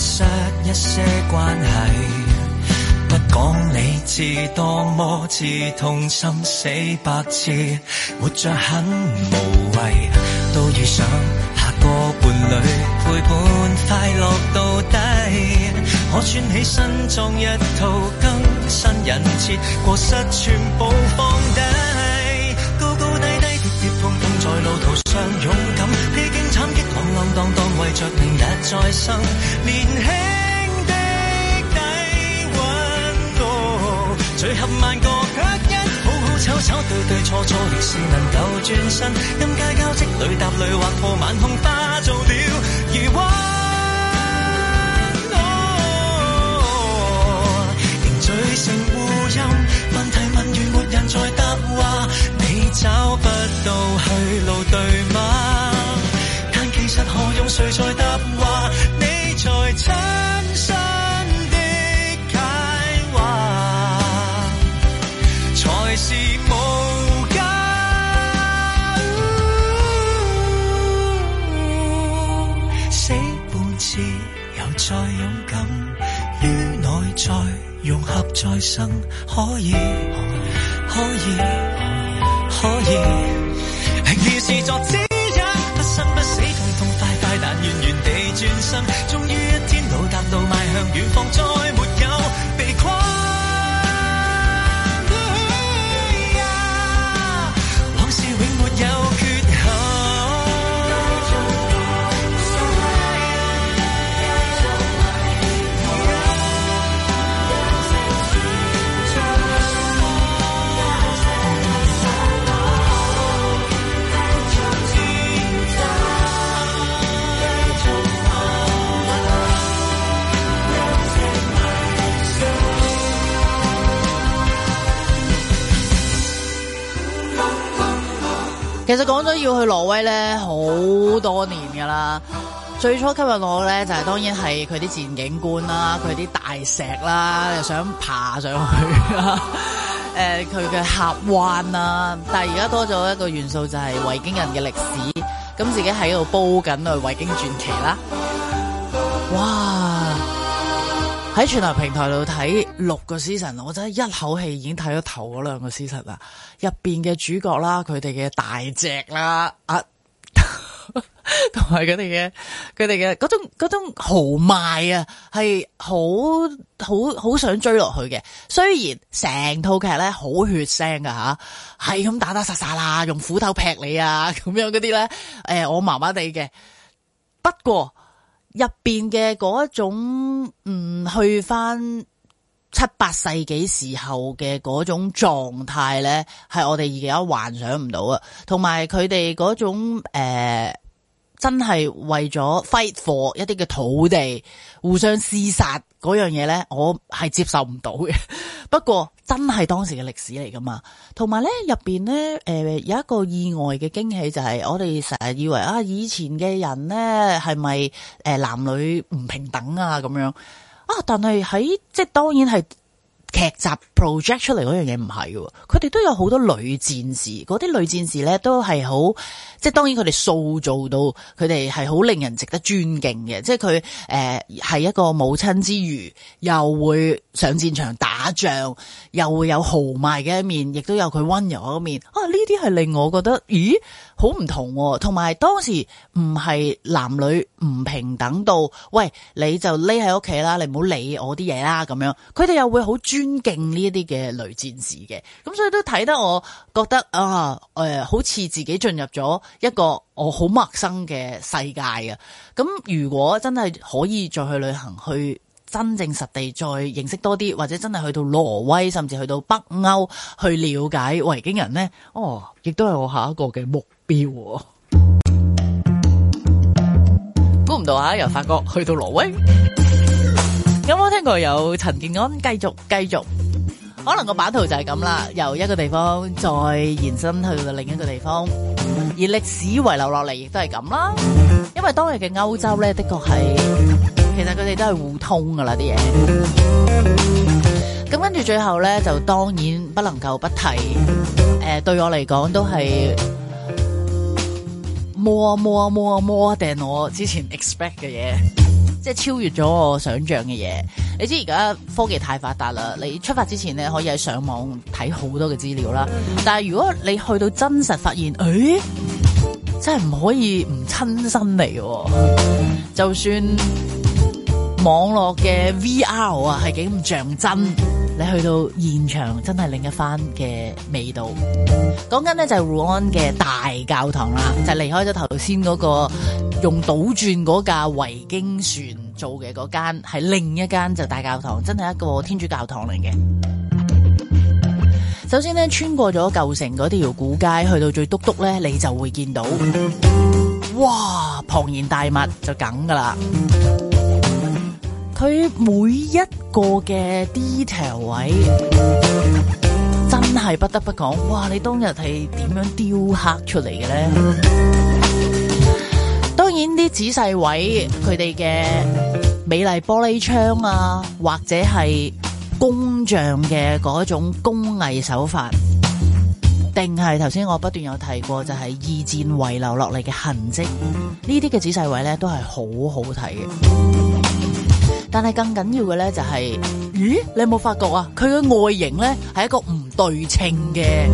失一些關係，不講理智，多麼刺痛，心死百次，活着很無謂。都遇上下個伴侶陪伴快樂到底，我穿起身裝一套，更新引設，過失全部放低。是能夠轉身，音階交織裏踏淚劃破晚空，化作了餘溫。凝、oh, 聚、oh, oh, oh、成烏音，問題問完沒人再答話，你找不到去路對嗎？但其實何用誰在答？再生可以，可以，可以。命要是作指引，不生不死，痛痛快快，但願願地轉身。終於一天，路踏路邁向遠方，再沒。其實講咗要去挪威咧好多年噶啦，最初吸引我咧就係、是、當然係佢啲自然景觀啦，佢啲大石啦，又想爬上去啦，誒佢嘅峽灣啦，但係而家多咗一個元素就係、是、維京人嘅歷史，咁、嗯、自己喺度煲緊啊維京傳奇啦，哇！喺全球平台度睇六個 season，我真係一口氣已經睇咗頭嗰兩個 season 啦。入邊嘅主角啦，佢哋嘅大隻啦，啊，同埋佢哋嘅佢哋嘅種種豪邁啊，係好好好想追落去嘅。雖然成套劇咧好血腥噶吓，係、啊、咁打打殺殺啦，用斧頭劈你啊，咁樣嗰啲咧，誒、欸，我麻麻地嘅。不過。入邊嘅嗰種嗯，去翻七八世紀時候嘅嗰種狀態咧，係我哋而家幻想唔到啊，同埋佢哋嗰種誒、呃，真係為咗 fight for 一啲嘅土地，互相廝殺嗰樣嘢咧，我係接受唔到嘅。不過，真係當時嘅歷史嚟噶嘛？同埋咧，入邊咧，誒、呃、有一個意外嘅驚喜，就係我哋成日以為啊，以前嘅人咧係咪誒男女唔平等啊咁樣啊？但係喺即係當然係。劇集 project 出嚟嗰樣嘢唔係嘅，佢哋都有好多女戰士，嗰啲女戰士咧都係好，即係當然佢哋塑造到佢哋係好令人值得尊敬嘅，即係佢誒係一個母親之餘，又會上戰場打仗，又會有豪邁嘅一面，亦都有佢温柔嘅一面啊！呢啲係令我覺得咦？好唔同喎、哦，同埋當時唔係男女唔平等到，喂，你就匿喺屋企啦，你唔好理我啲嘢啦咁樣。佢哋又會好尊敬呢一啲嘅女戰士嘅，咁所以都睇得我覺得啊，誒好似自己進入咗一個我好陌生嘅世界啊。咁如果真係可以再去旅行去。真正實地再認識多啲，或者真係去到挪威，甚至去到北歐去了解維京人呢，哦，亦都係我下一個嘅目標喎，啊。估唔 到啊，又發覺去到挪威，有冇 聽過有陳建安繼續繼續？可能個版圖就係咁啦，由一個地方再延伸去到另一個地方，而歷史遺留落嚟亦都係咁啦，因為當日嘅歐洲呢，的確係。其實佢哋都係互通噶啦啲嘢。咁跟住最後咧，就當然不能夠不提。誒、呃，對我嚟講都係 more、more、more、more than 我之前 expect 嘅嘢，即係超越咗我想象嘅嘢。你知而家科技太發達啦，你出發之前咧可以喺上網睇好多嘅資料啦，但係如果你去到真實發現，誒、欸，真係唔可以唔親身嚟，就算。網絡嘅 VR 啊，係幾咁像真？你去到現場真係另一番嘅味道。講緊呢，就係安嘅大教堂啦，就係、離開咗頭先嗰個用倒轉嗰架維京船做嘅嗰間，係另一間就大教堂，真係一個天主教堂嚟嘅。首先呢，穿過咗舊城嗰條古街，去到最督篤咧，你就會見到，哇！龐然大物就梗噶啦～佢每一個嘅 detail 位真係不得不講，哇！你當日係點樣雕刻出嚟嘅咧？當然啲仔細位，佢哋嘅美麗玻璃窗啊，或者係工匠嘅嗰種工藝手法，定係頭先我不斷有提過，就係二戰遺留落嚟嘅痕迹，呢啲嘅仔細位咧都係好好睇嘅。但係更緊要嘅咧，就係、是、咦，你有冇發覺啊？佢嘅外形咧係一個唔對稱嘅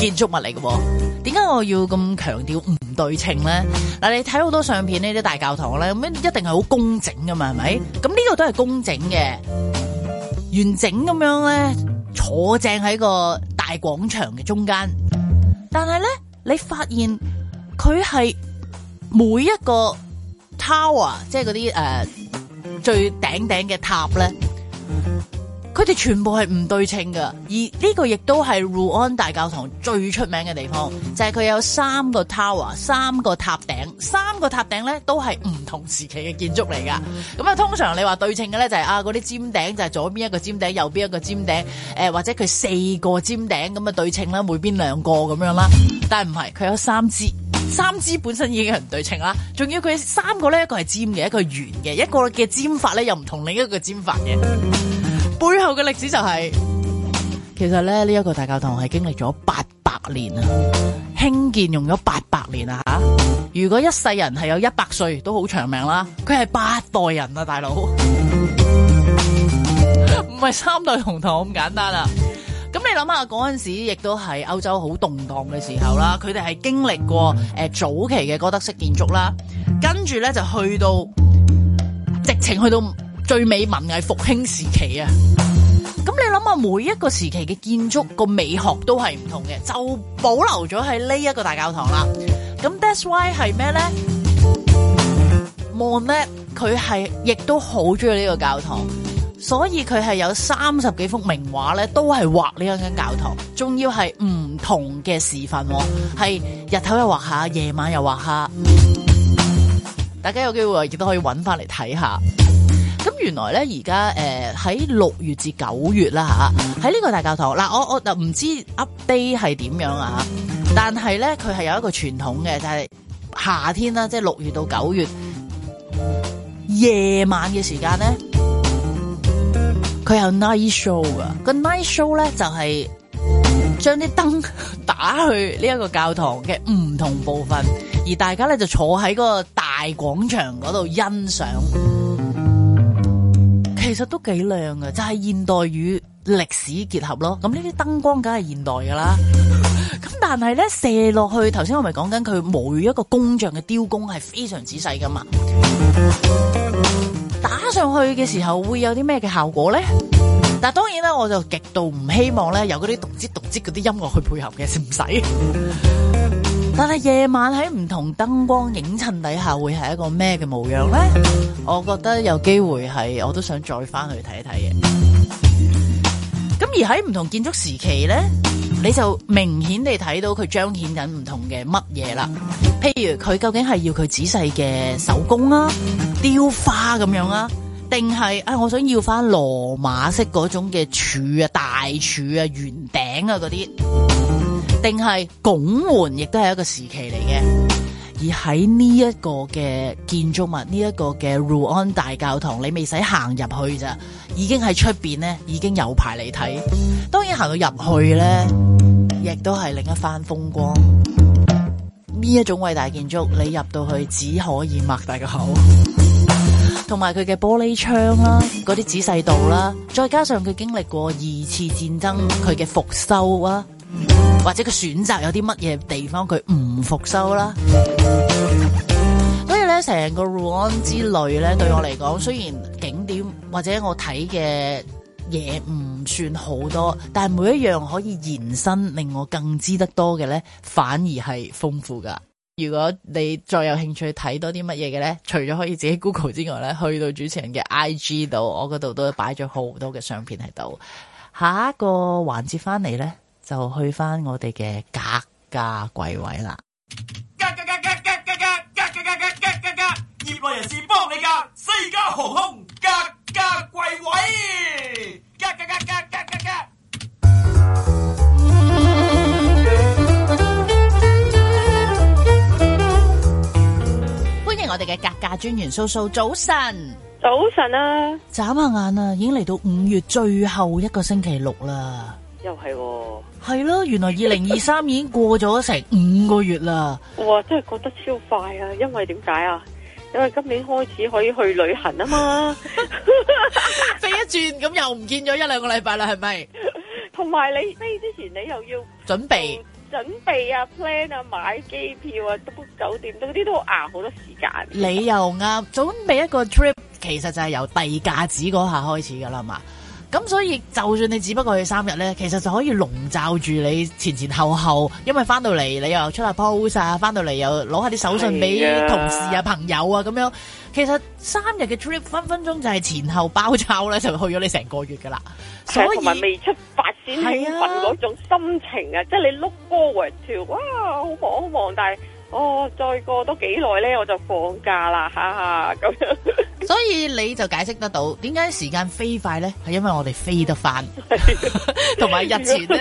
建築物嚟嘅。點解我要咁強調唔對稱咧？嗱，你睇好多相片呢啲大教堂咧，咁一定係好工整㗎嘛，係咪？咁呢個都係工整嘅，完整咁樣咧，坐正喺個大廣場嘅中間。但係咧，你發現佢係每一個 tower，即係嗰啲誒。呃最頂頂嘅塔咧，佢哋全部係唔對稱噶，而呢個亦都係魯安大教堂最出名嘅地方，就係、是、佢有三個 tower，三個塔頂，三個塔頂咧都係唔同時期嘅建築嚟噶。咁啊，通常你話對稱嘅咧就係、是、啊嗰啲尖頂就係左邊一個尖頂，右邊一個尖頂，誒、呃、或者佢四個尖頂咁啊對稱啦，每邊兩個咁樣啦，但係唔係，佢有三支。三支本身已經係唔對稱啦，仲要佢三個咧，一個係尖嘅，一個圓嘅，一個嘅尖法咧又唔同另一個的尖法嘅。 背後嘅歷史就係、是，其實咧呢一、這個大教堂係經歷咗八百年啊，興建用咗八百年啊吓。如果一世人係有一百歲都好長命啦、啊，佢係八代人啊，大佬，唔 係三代同堂咁簡單啊。咁你諗下嗰陣時亦都係歐洲好動盪嘅時候啦，佢哋係經歷過誒、呃、早期嘅哥德式建築啦，跟住咧就去到直情去到最美文藝復興時期啊！咁你諗下每一個時期嘅建築個美學都係唔同嘅，就保留咗喺呢一個大教堂啦。咁 That's why 係咩咧？Monet 佢係亦都好中意呢個教堂。所以佢係有三十幾幅名畫咧，都係畫呢一間教堂，仲要係唔同嘅時分，係日頭又畫下，夜晚又畫下。大家有機會亦都可以揾翻嚟睇下。咁原來咧，而家誒喺六月至九月啦吓，喺呢個大教堂嗱，我我就唔知 update 係點樣啊吓，但係咧佢係有一個傳統嘅，就係夏天啦，即係六月到九月，夜晚嘅時間咧。佢有 night show 噶，個 night show 咧就係將啲燈打去呢一個教堂嘅唔同部分，而大家咧就坐喺個大廣場嗰度欣賞，嗯、其實都幾靚噶，就係、是、現代與歷史結合咯。咁呢啲燈光梗係現代噶啦，咁 但係咧射落去，頭先我咪講緊佢每一個工匠嘅雕工係非常仔細噶嘛。上去嘅時候會有啲咩嘅效果咧？但係當然啦，我就極度唔希望咧有嗰啲獨枝獨枝嗰啲音樂去配合嘅，唔使。 但係夜晚喺唔同燈光影襯底下，會係一個咩嘅模樣咧？我覺得有機會係我都想再翻去睇一睇嘅。咁而喺唔同建築時期咧，你就明顯地睇到佢彰顯緊唔同嘅乜嘢啦。譬如佢究竟係要佢仔細嘅手工啊、雕花咁樣啊。定係、哎、我想要翻羅馬式嗰種嘅柱啊、大柱啊、圓頂啊嗰啲，定係拱門亦都係一個時期嚟嘅。而喺呢一個嘅建築物，呢、這、一個嘅魯安大教堂，你未使行入去咋，已經喺出邊咧已經有排嚟睇。當然行到入去咧，亦都係另一番風光。呢一種偉大建築，你入到去只可以擘大個口。同埋佢嘅玻璃窗啦、啊，嗰啲仔細度啦、啊，再加上佢經歷過二次戰爭，佢嘅復修啦，或者佢選擇有啲乜嘢地方佢唔復修啦， 所以咧成個盧安之類咧，對我嚟講，雖然景點或者我睇嘅嘢唔算好多，但係每一樣可以延伸令我更知得多嘅咧，反而係豐富㗎。如果你再有興趣睇多啲乜嘢嘅咧，除咗可以自己 Google 之外咧，去到主持人嘅 IG 度，我嗰度都擺咗好多嘅相片喺度。下一個環節翻嚟咧，就去翻我哋嘅格價櫃位啦！格格格格格格格格格格格格格格！業內人士幫你噶，西加航空格價櫃位！格格格格格格格！嘅格價專員叔叔，早晨，早晨啊！眨下眼啊，已經嚟到五月最後一個星期六啦，又係、哦，係咯、啊，原來二零二三已經過咗成五個月啦。 哇，真係過得超快啊！因為點解啊？因為今年開始可以去旅行啊嘛， 飛一轉咁又唔見咗一兩個禮拜啦，係咪？同埋你飛之前，你又要準備。準備啊，plan 啊，買機票啊，book 酒店，嗰啲都熬好、啊、多時間、啊。你又啱，準備一個 trip 其實就係由備駕指嗰下開始㗎喇嘛。咁所以就算你只不過去三日咧，其實就可以籠罩住你前前後後，因為翻到嚟你又出下 post 啊，翻到嚟又攞下啲手信俾同事啊，啊朋友啊咁樣。其實三日嘅 trip 分分鐘就係前後包抄咧，就去咗你成個月噶啦。所以同埋、啊、未出發先興奮嗰種心情啊，啊即係你 look forward to，哇好忙好忙，但係哦再過多幾耐咧，我就放假啦，哈哈咁樣。 所以你就解釋得到點解時間飛快呢？係因為我哋飛得翻，同 埋日前呢，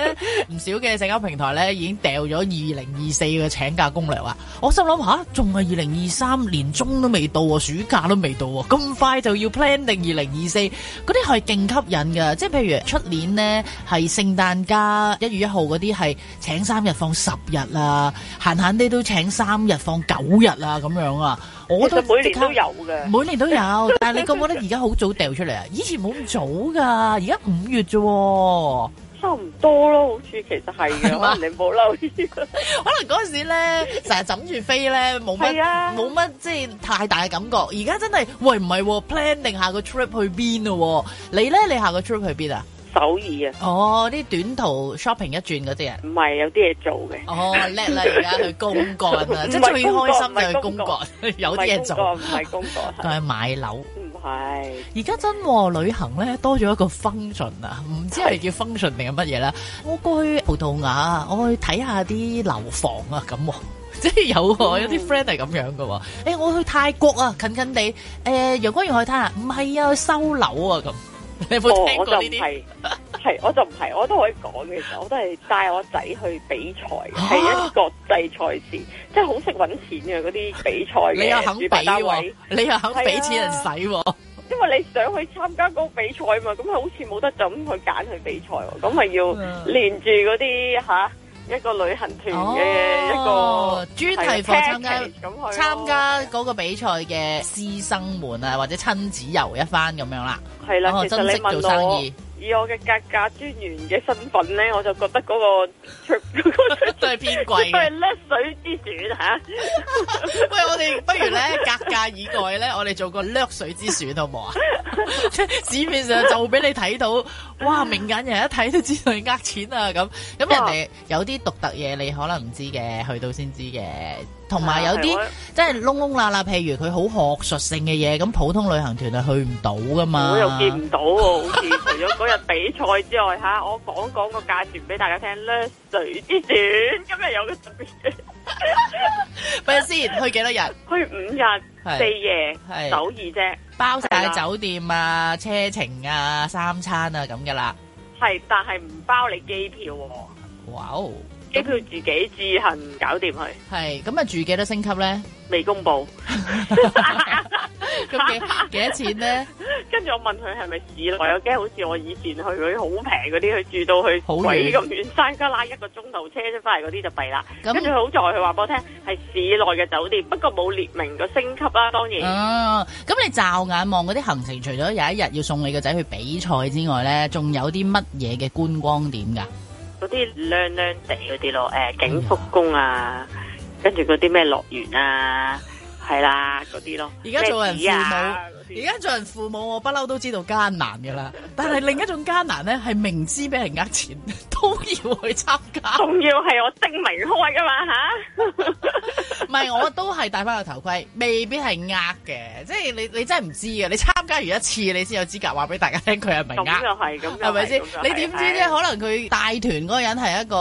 唔 少嘅社交平台呢已經掉咗二零二四嘅請假攻略啊！我心諗下，仲係二零二三年中都未到喎，啊，暑假都未到喎，啊，咁快就要 plan 定二零二四。嗰啲係勁吸引嘅，即係譬如出年呢，係聖誕加一月一號嗰啲係請三日放十日啊，閒閒啲都請三日放九日啊咁樣啊，我都每年都有嘅，每年都有。 但係你覺唔覺得而家好早掉出嚟啊？以前冇咁早噶而家五月啫，差唔多咯。好似其實係噶可能你冇留意， 可能嗰陣時咧成日枕住飛咧，冇乜冇乜即係太大嘅感覺。而家真係喂唔係 plan 定下個 trip 去邊咯？你咧你下個 trip 去邊啊？首爾啊！哦，啲短途 shopping 一轉嗰啲啊，唔係有啲嘢做嘅。哦叻啦，而家去 公幹啦，即係最開心嘅公幹。有啲嘢做。唔係公幹，佢係買樓。唔係是。而家真喎、呃，旅行咧多咗一個 function 啊！唔知係叫 function 定係乜嘢啦？我過去葡萄牙我去睇下啲樓房啊，咁、啊、即係有喎、啊。有啲 friend 係咁樣㗎喎、啊。誒、嗯欸，我去泰國啊，近近地誒、呃，陽光沿去睇啊，唔係啊，去收樓啊咁。你冇聽過呢啲？係、哦，我就唔係， 我都可以講嘅。其實我都係帶我仔去比賽，係一個國際賽事，即係好識揾錢嘅嗰啲比賽，你又肯俾、啊，你又肯俾錢人使喎、啊啊。因為你想去參加嗰個比賽嘛，咁係好似冇得咁去揀去比賽喎，咁係要連住嗰啲一個旅行團嘅一個專、哦、是題課參是加參、嗯、加嗰個比賽嘅師生們啊，嗯、或者親子遊一番咁樣啦。係啦，其實你問到我。珍惜做生意。以我嘅格價專員嘅身份咧，我就覺得嗰、那個出嗰、那個、那個、 都係偏貴，都係掠水之選吓。喂，我哋不如咧格價以外咧，我哋做個掠水之選好唔好啊？紙面上就俾你睇到，哇！明眼人一睇都知道你呃錢啊！咁咁，人哋有啲獨特嘢，你可能唔知嘅，去到先知嘅。同埋有啲即係窿窿啦啦，譬如佢好學術性嘅嘢，咁普通旅行團係去唔到噶嘛？我又見唔到，好似 除咗嗰日比賽之外，吓我講講個價錢俾大家聽。l e 誰之選？今日有個特別嘅。 等下先，去幾多日？去五日四夜，九二啫，包晒酒店啊、的車程啊、三餐啊咁噶啦。係，但係唔包你機票、啊。哇哦、wow！機票自己自行搞掂佢，係咁啊，住幾多星級咧？未公布，幾幾多錢咧？跟住我問佢係咪市內，我又驚好似我以前去嗰啲好平嗰啲，佢住到去鬼咁遠，山卡拉一個鐘頭車出翻嚟嗰啲就弊啦。跟住好在佢話俾我聽係市內嘅酒店，不過冇列明個星級啦，當然。哦，咁你驟眼望嗰啲行程，除咗有一日要送你個仔去比賽之外咧，仲有啲乜嘢嘅觀光點噶？嗰啲靚靚哋啲咯，誒、呃，景福宮啊，跟住啲咩樂園啊，係啦、啊，嗰啲咯。而家做人父母，而家、啊、做人父母，我不嬲都知道艱難噶啦。 但係另一種艱難咧，係明知俾人呃錢，都要去參加。仲 要係我證明開噶嘛吓？唔、啊、係， 我都係戴翻個頭盔，未必係呃嘅，即係你你真係唔知噶，你。加如一次，你先有資格話俾大家聽佢係咪係？咁又係咁，係咪先？你點知咧？可能佢帶團嗰個人係一個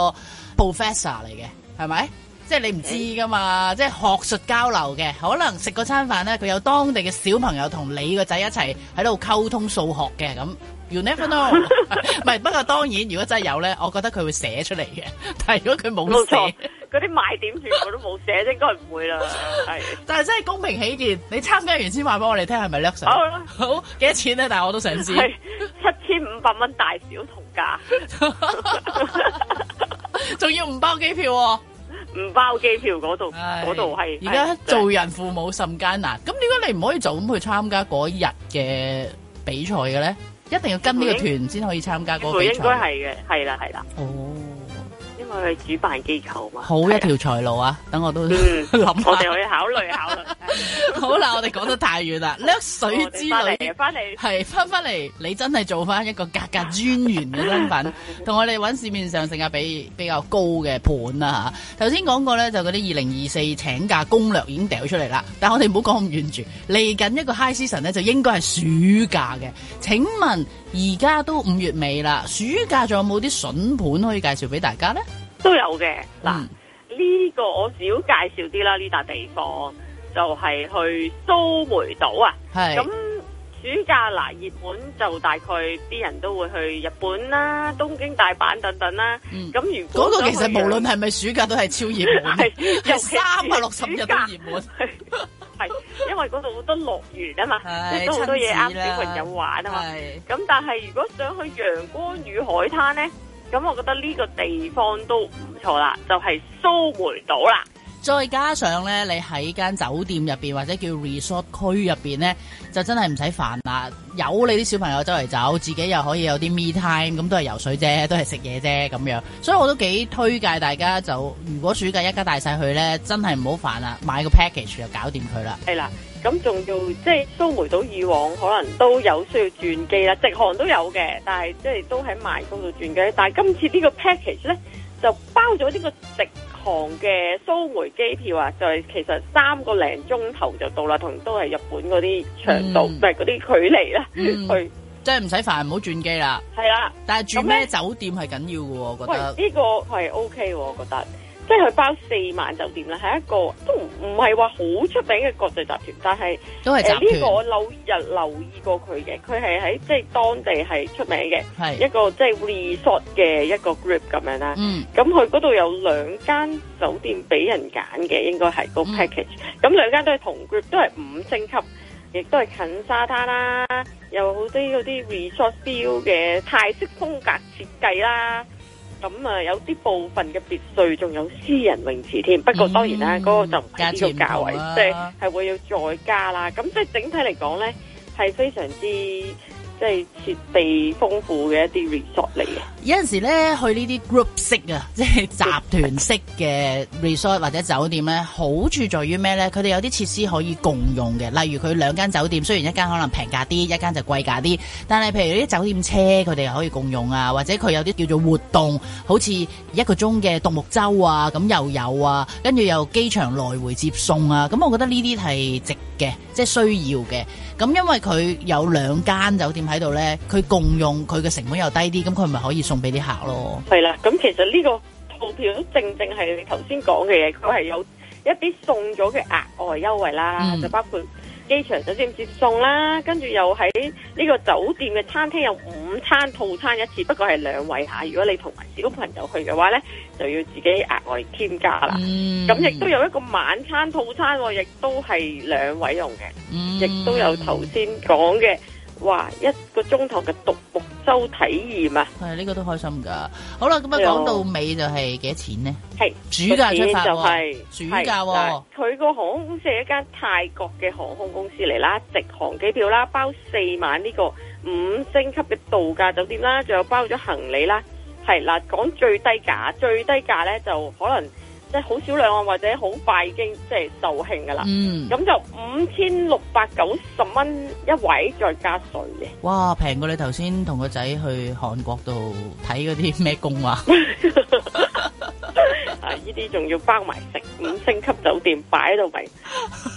professor 嚟嘅，係咪？即係你唔知噶嘛？即係學術交流嘅，可能食嗰餐飯咧，佢有當地嘅小朋友同你個仔一齊喺度溝通數學嘅咁。You never know。唔係， 不過當然，如果真係有咧，我覺得佢會寫出嚟嘅。但係如果佢冇寫。嗰啲賣點全部都冇寫，應該唔會啦。係，但係真係公平起見，你參加完先話俾我哋聽，係咪略上？好，幾多錢咧？但係我都想知。係七千五百蚊大小同價，仲要唔包機票喎，唔包機票嗰度，嗰度係。而家做人父母甚艱難，咁點解你唔可以就咁去參加嗰日嘅比賽嘅咧？一定要跟呢個團先可以參加嗰個比賽。應該係嘅，係啦，係啦。哦。去主辦機構嘛，好一條財路啊！等我都諗下，嗯、我哋可以考慮下。好啦，我哋講得太遠啦，甩 水之後嚟翻嚟，係翻翻嚟，你真係做翻一個價格專員嘅身份，同 我哋搵市面上性價比比較高嘅盤啦吓。頭先講過咧，就嗰啲二零二四請假攻略已經掉出嚟啦，但係我哋唔好講咁遠住。嚟緊一個 High Season 咧，就應該係暑假嘅。請問而家都五月尾啦，暑假仲有冇啲筍盤可以介紹俾大家咧？都有嘅嗱，呢個我少介紹啲啦，呢笪地方就係去蘇梅島啊。係咁暑假嗱，熱門就大概啲人都會去日本啦，東京、大阪等等啦。嗯，咁如果個其實無論係咪暑假都係超熱門，係有三百六十五日熱門。係因為嗰度好多樂園啊嘛，即係好多嘢啱小朋友玩啊嘛。係咁，但係如果想去陽光與海灘咧？咁我覺得呢個地方都唔錯啦，就係蘇梅島啦。再加上呢，你喺間酒店入面，或者叫 resort 區入面呢，就真係唔使煩啦。有你啲小朋友周圍走，自己又可以有啲 me time，咁都係游水啫，都係食嘢啫咁樣。所以我都幾推介大家就，就如果暑假一家大細去呢，真係唔好煩啦，買個 package 就搞掂佢啦。係啦。咁仲要即係蘇梅島以往，可能都有需要轉機啦，直航都有嘅，但係即係都喺曼谷度轉機。但係今次個呢個 package 咧，就包咗呢個直航嘅蘇梅機票啊，就係、是、其實三個零鐘頭就到啦，同都係日本嗰啲長度即係嗰啲距離啦，去即係唔使煩，唔好轉機啦。係啦的，但係住咩酒店係緊要嘅，我覺得呢、哎這個係 OK，我覺得。即係佢包四晚酒店啦，係一個都唔係話好出名嘅國際集團，但係都係呢、呃這個我留意留意過佢嘅，佢係喺即係當地係出名嘅，係是一個即係 resort 嘅一個 group 咁樣啦。嗯，咁佢嗰度有兩間酒店俾人揀嘅，應該係個 package。咁 pack、嗯、兩間都係同 group，都係五星級，亦都係近沙灘啦，有好多啲嗰啲 resort feel 嘅泰式風格設計啦。咁啊，有啲部分嘅別墅仲有私人泳池添，不過當然啦，嗰、嗯、個就唔係呢個價位，即係係會要再加啦。咁即係整體嚟講咧，係非常之。即係設備豐富嘅一啲 resort 嚟嘅，有陣時咧去呢啲 group 式啊，即係集團式嘅 resort 或者酒店咧，好處在於咩咧？佢哋有啲設施可以共用嘅，例如佢兩間酒店雖然一間可能平價啲，一間就貴價啲，但係譬如啲酒店車佢哋又可以共用啊，或者佢有啲叫做活動，好似一個鐘嘅獨木舟啊，咁又有啊，跟住又機場來回接送啊，咁我覺得呢啲係值嘅，即係需要嘅。咁因為佢有兩間酒店喺度呢，佢共用佢嘅成本又低啲，咁佢咪可以送俾啲客咯。係啦，咁其實呢個套票都正正係你頭先講嘅嘢，佢係有一啲送咗嘅額外優惠啦，就包括，機場首先接送啦，跟住又喺呢個酒店嘅餐廳有午餐套餐一次，不過係兩位嚇、啊。如果你同埋小朋友去嘅話呢，就要自己額外添加啦。咁亦都有一個晚餐套餐，亦都係兩位用嘅，亦、嗯、都有頭先講嘅。哇！一個鐘頭嘅獨木舟體驗啊，係呢、這個都開心㗎。好啦，咁啊講到尾就係幾多錢呢？係是主價出發，就係、是、主價。佢是、啊、個航空公司係一間泰國嘅航空公司嚟啦，直航機票啦，包四晚呢個五星級嘅度假酒店啦，仲有包咗行李啦。係啦，講最低價，最低價呢就可能。即係好少量啊，或者好快已經即係售罄㗎喇。咁、嗯、就五千六百九十蚊一位再加稅嘅。哇，平過你頭先同個仔去韓國度睇嗰啲咩公話。 啊！呢啲仲要包埋食五星級酒店放在裡，擺喺度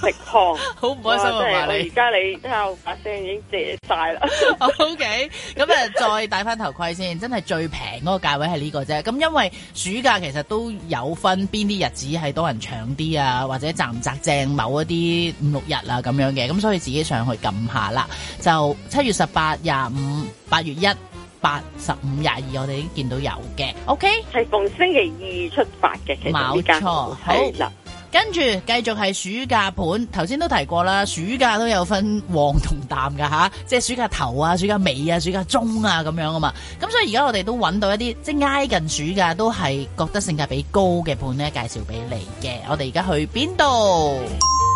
食食好唔開心啊！真係是，而家嗎你聽 我把聲已經謝晒啦。 OK，咁啊，再戴翻頭盔先，真係最平嗰個價位係呢個啫。咁因為暑假其實都有分邊啲日子係多人搶啲啊，或者賺唔賺正某一啲五六日啊咁樣嘅。咁所以自己上去撳下啦。就七月十八、廿五、八月一。八十五廿二，8, 15, 我哋已經見到有嘅。OK，係逢星期二出發嘅，其實冇錯。沒錯了好啦，跟住繼續係暑假盤。頭先都提過啦，暑假都有分旺同淡噶吓、啊，即係暑假頭啊、暑假尾啊、暑假中啊咁樣啊嘛。咁所以而家我哋都揾到一啲即係挨近暑假都係覺得性價比高嘅盤咧，介紹俾你嘅。我哋而家去邊度？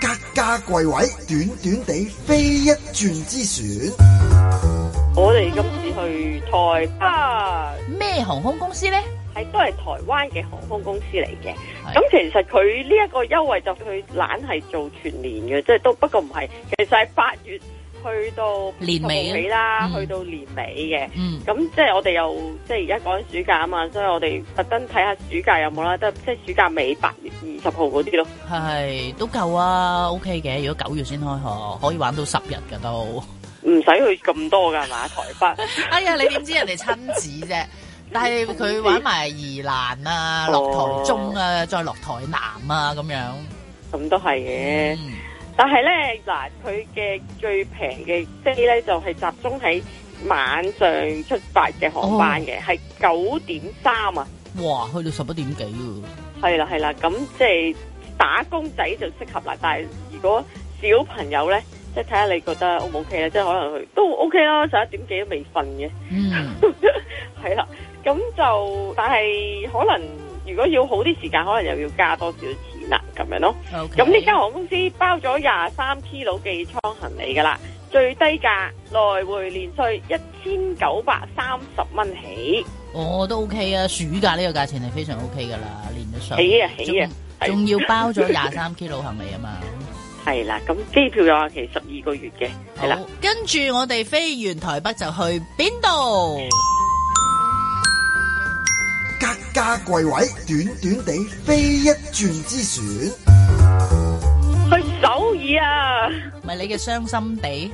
格價貴位，短短地飛一轉之選。我哋今次去台北，咩航空公司呢？係都係台灣嘅航空公司嚟嘅。咁是其實佢呢一個優惠就佢懶係做全年嘅，即係都不過唔係，其實係八月。去到，尾去到年尾啦，去到年尾嘅，咁即係我哋又即係而家講緊暑假啊嘛，所以我哋特登睇下暑假有冇啦，即係即係暑假尾八月二十號嗰啲咯。係，都夠啊，OK 嘅。如果九月先開學，可以玩到十日噶都，唔使去咁多噶係嘛，台北。 哎呀，你點知人哋親子啫？ 但係佢玩埋宜蘭啊，落、哦、台中啊，再落台南啊，咁樣。咁都係嘅。嗯但係咧，嗱，佢嘅最平嘅飛咧，就係集中喺晚上出發嘅航班嘅，係九點三啊。哇，去到十一點幾啊。係啦，係啦，咁即係打工仔就適合啦。但係如果小朋友咧，即係睇下你覺得 O 唔 OK 咧？即係可能都 O K 啦，十一點幾都未瞓嘅。嗯，係啦，咁就但係可能如果要好啲時間，可能又要加多少少錢？嗱，咁樣咯，咁呢間航空公司包咗廿三 K 老寄艙行李噶啦，最低價來回連稅一千九百三十蚊起，我都 OK 啊，暑假呢個價錢係非常 OK 噶啦，連咗稅，起啊，起啊，仲要包咗廿三 K 老行李啊嘛，係啦，咁機票有效期十二個月嘅，係啦，跟住我哋飛完台北就去邊度？格格貴位，短短地飛一轉之選。去首爾啊，唔係 你嘅傷心地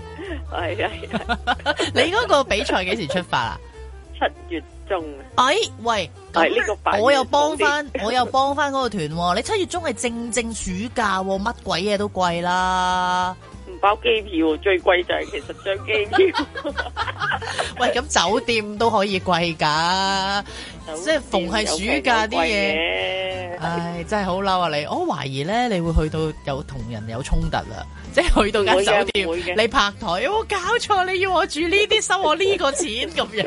係啊！ 你嗰個比賽幾時候出發啊？七月中。哎喂，係呢、哎這個我又幫翻， 我又幫翻嗰個團、啊。你七月中係正正暑假、啊，乜鬼嘢都貴啦。唔包機票，最貴就係其實張機票。 喂，咁酒店都可以貴噶。即係逢係暑假啲嘢，有有的唉，是的 真係好嬲啊！你，我懷疑咧，你會去到有同人有衝突啦，即係去到間酒店，會會你拍台，我會、哎、搞錯，你要我住呢啲 收我呢個錢咁樣，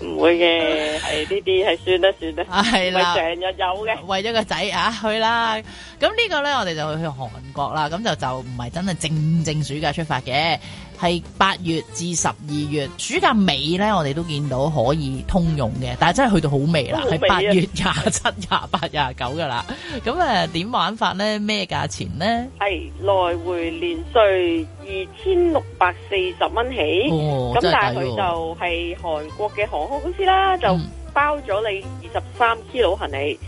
唔會嘅，係呢啲係算啦算啦，係啦，成日有嘅，為咗個仔啊去啦，咁是的 呢個咧我哋就去韓國啦，咁就就唔係真係正正暑假出發嘅。係八月至十二月暑假尾呢，我哋都見到可以通用嘅，但係真係去到好尾啦，係八月廿七、廿八、廿九㗎啦。咁誒點玩法呢？咩價錢呢？係來回連稅二千六百四十蚊起，咁、哦、但係佢就係韓國嘅航空公司啦，嗯、就包咗你二十三 kilo 行李。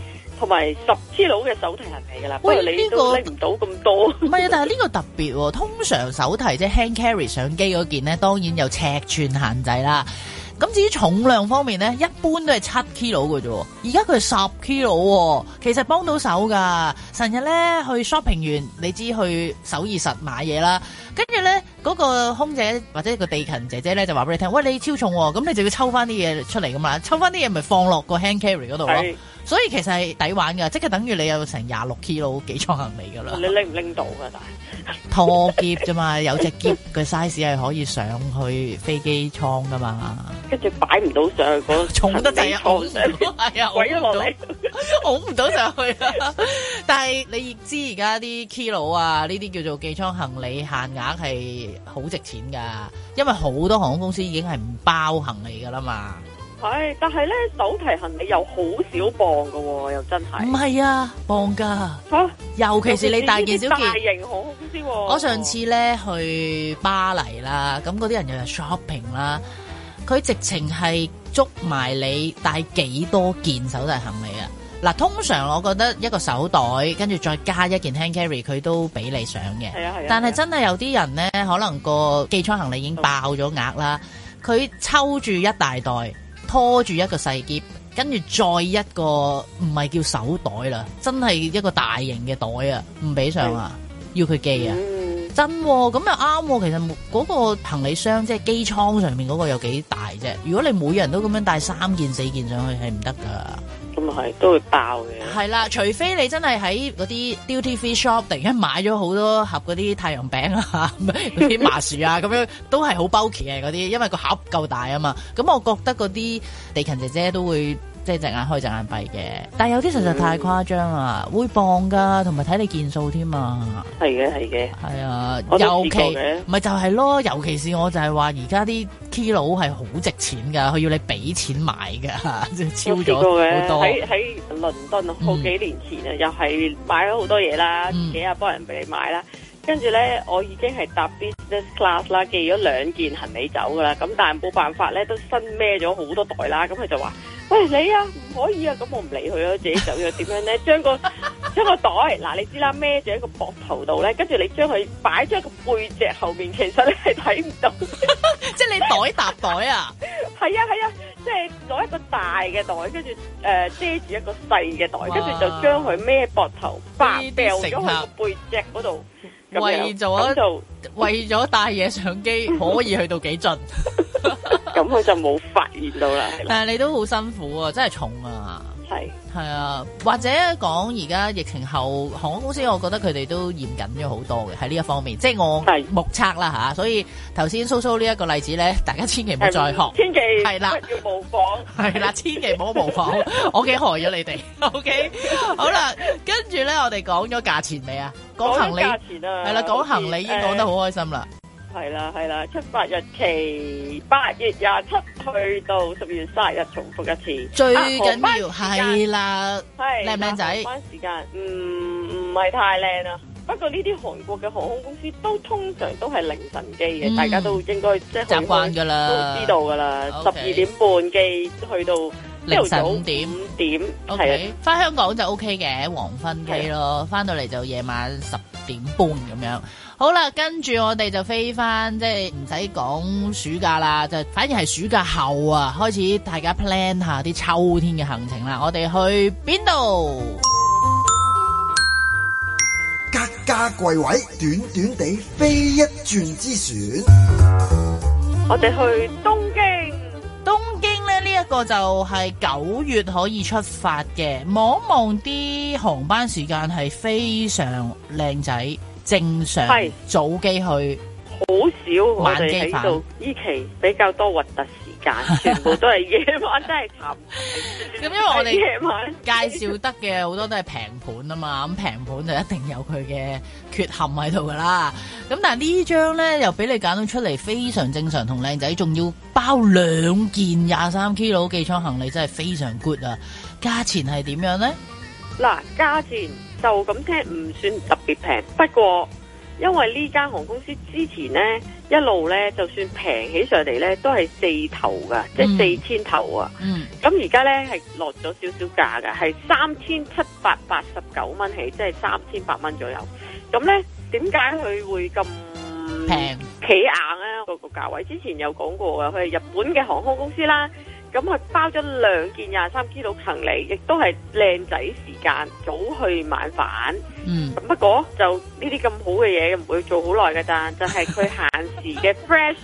同埋十 kilo 嘅手提行李噶啦，餵喂你拎唔到咁多、呢個。唔係啊，但係呢個特別喎、哦。通常手提即係 hand carry 相機嗰件呢，當然有尺寸限制啦。咁至於重量方面呢，一般都係七 kilo 㗎啫。而家佢十 kilo 喎，其實幫到手㗎。成日咧去 shopping 完，你知去首爾實買嘢啦，跟住咧嗰個空姐或者個地勤姐姐咧就話俾你聽：喂，你超重、哦，咁你就要抽翻啲嘢出嚟㗎嘛，抽翻啲嘢咪放落個 hand carry 嗰度咯。所以其實係抵玩㗎，即係等於你有成廿六 kilo 寄艙行李㗎啦。你拎唔拎到㗎？但 係拖劫啫嘛，有隻劫嘅 size 係可以上去飛機艙㗎嘛。跟住擺唔到上去，上去，重得滯啊！重得滯啊！鬼都落嚟，攬唔到上去啊。但係你亦知而家啲 kilo 啊，呢啲叫做寄艙行李限額係好值錢㗎，因為好多航空公司已經係唔包行李㗎啦嘛。係，但係咧手提行李又好少磅噶，又真係。唔係啊，磅噶吓，尤其是你大件小件，大型好啲。我上次咧去巴黎啦，咁嗰啲人又係 shopping 啦，佢直情係捉埋你帶幾多件手提行李啊！嗱，通常我覺得一個手袋，跟住再加一件 hand carry，佢都俾你上嘅。係啊係啊。但係真係有啲人咧，可能個寄艙行李已經爆咗額啦，佢抽住一大袋。拖住一個細篋，跟住再一個唔係叫手袋啦，真係一個大型嘅袋啊，唔俾上啊，要佢寄啊，嗯、真咁又啱。其實嗰個行李箱即係機艙上面嗰個有幾大啫？如果你每人都咁樣帶三件四件上去，係唔得噶。咁啊，係都會爆嘅，係啦，除非你真係喺嗰啲 duty free shop 突然間買咗好多盒嗰啲太陽餅啊，嗰啲 麻薯啊，咁樣都係好 bulky 嘅嗰啲，因為個盒夠大啊嘛。咁我覺得嗰啲地勤姐姐都會。即係隻眼開隻眼閉嘅，但係有啲實在太誇張啦，嗯、會磅噶，同埋睇你件數添啊！係嘅係嘅，係啊，哎、呀的尤其唔係就係咯，尤其是我就係話而家啲 kilo 係好值錢噶，佢要你俾錢買噶，即係超咗好多。喺喺倫敦好幾年前啊，嗯、又係買咗好多嘢啦，嗯、幾日幫人俾你買啦。跟住咧，我已經係搭 business class 啦，寄咗兩件行李走噶啦。咁但係冇辦法咧，都新孭咗好多袋啦。咁佢就話：喂你啊，唔可以啊！咁我唔理佢咯，自己走咗點樣咧？將個將個袋嗱，你知啦，孭住一個膊頭度咧。跟住你將佢擺咗一個背脊後面，其實咧係睇唔到，即係你袋搭袋啊！係啊係啊，即係攞一個大嘅袋，跟住誒遮住一個細嘅袋，跟住就將佢孭膊頭，爆掉咗佢個背脊嗰度。為咗為咗帶嘢相機，可以去到幾盡？咁佢 就冇發現到啦。但係你都好辛苦啊，真係重啊，係係是啊，或者講而家疫情後航空公司，我覺得佢哋都嚴謹咗好多嘅，喺呢一方面，即係我目測啦吓。所以頭先蘇蘇呢一個例子咧，大家千祈唔好再學，千祈係啦，要模仿，係啦了， 千祈唔好模仿，我，我幾害咗你哋。OK，好啦，跟住咧，我哋講咗價錢未啊？講行李價錢係啦，講行李已經講得好開心啦。係啦係啦，出發日期八月廿七去到十二月卅日，重複一次。最緊要係啦，係靚唔靚仔？班時間唔唔係太靚啊，不過呢啲韓國嘅航空公司都通常都係凌晨機嘅，大家都應該即係習慣噶啦，都知道噶啦。十二點半機去到。凌晨五點？五點，O K，翻香港就 O K 嘅黃昏機咯，翻到嚟就夜晚十點半咁樣。好啦，跟住我哋就飛翻，即係唔使講暑假啦，就反而係暑假後啊，開始大家 plan 下啲秋天嘅行程啦。我哋去邊度？格價貴位，短短地飛一轉之船。我哋去東京，東京。一個就係九月可以出發嘅，望一望啲航班時間係非常靚仔，正常係早機去，好少晚機返，呢期比較多核突。全部都係夜晚，真係慘。咁 因為我哋夜晚介紹得嘅好多都係平盤啊嘛，咁平盤就一定有佢嘅缺陷喺度噶啦。咁但係呢張咧又俾你揀到出嚟，非常正常。同靚仔仲要包兩件廿三 K 佬寄艙行李，真係非常 good 啊！價錢係點樣咧？嗱、啊，價錢就咁聽唔算特別平，不過。因為呢間航空公司之前呢，一路呢就算平起上嚟呢，都係四頭噶，即係四千頭啊。咁而家呢，係落咗少少價噶，係三千七百八十九蚊起，即係三千八蚊左右。咁呢，點解佢會咁平企硬呢？個個價位之前有講過噶，佢係日本嘅航空公司啦。咁佢包咗兩件廿三 kg 行李，亦都係靚仔時間，早去晚返。嗯，不過就呢啲咁好嘅嘢唔會做好耐㗎。咋，就係佢限時嘅 fresh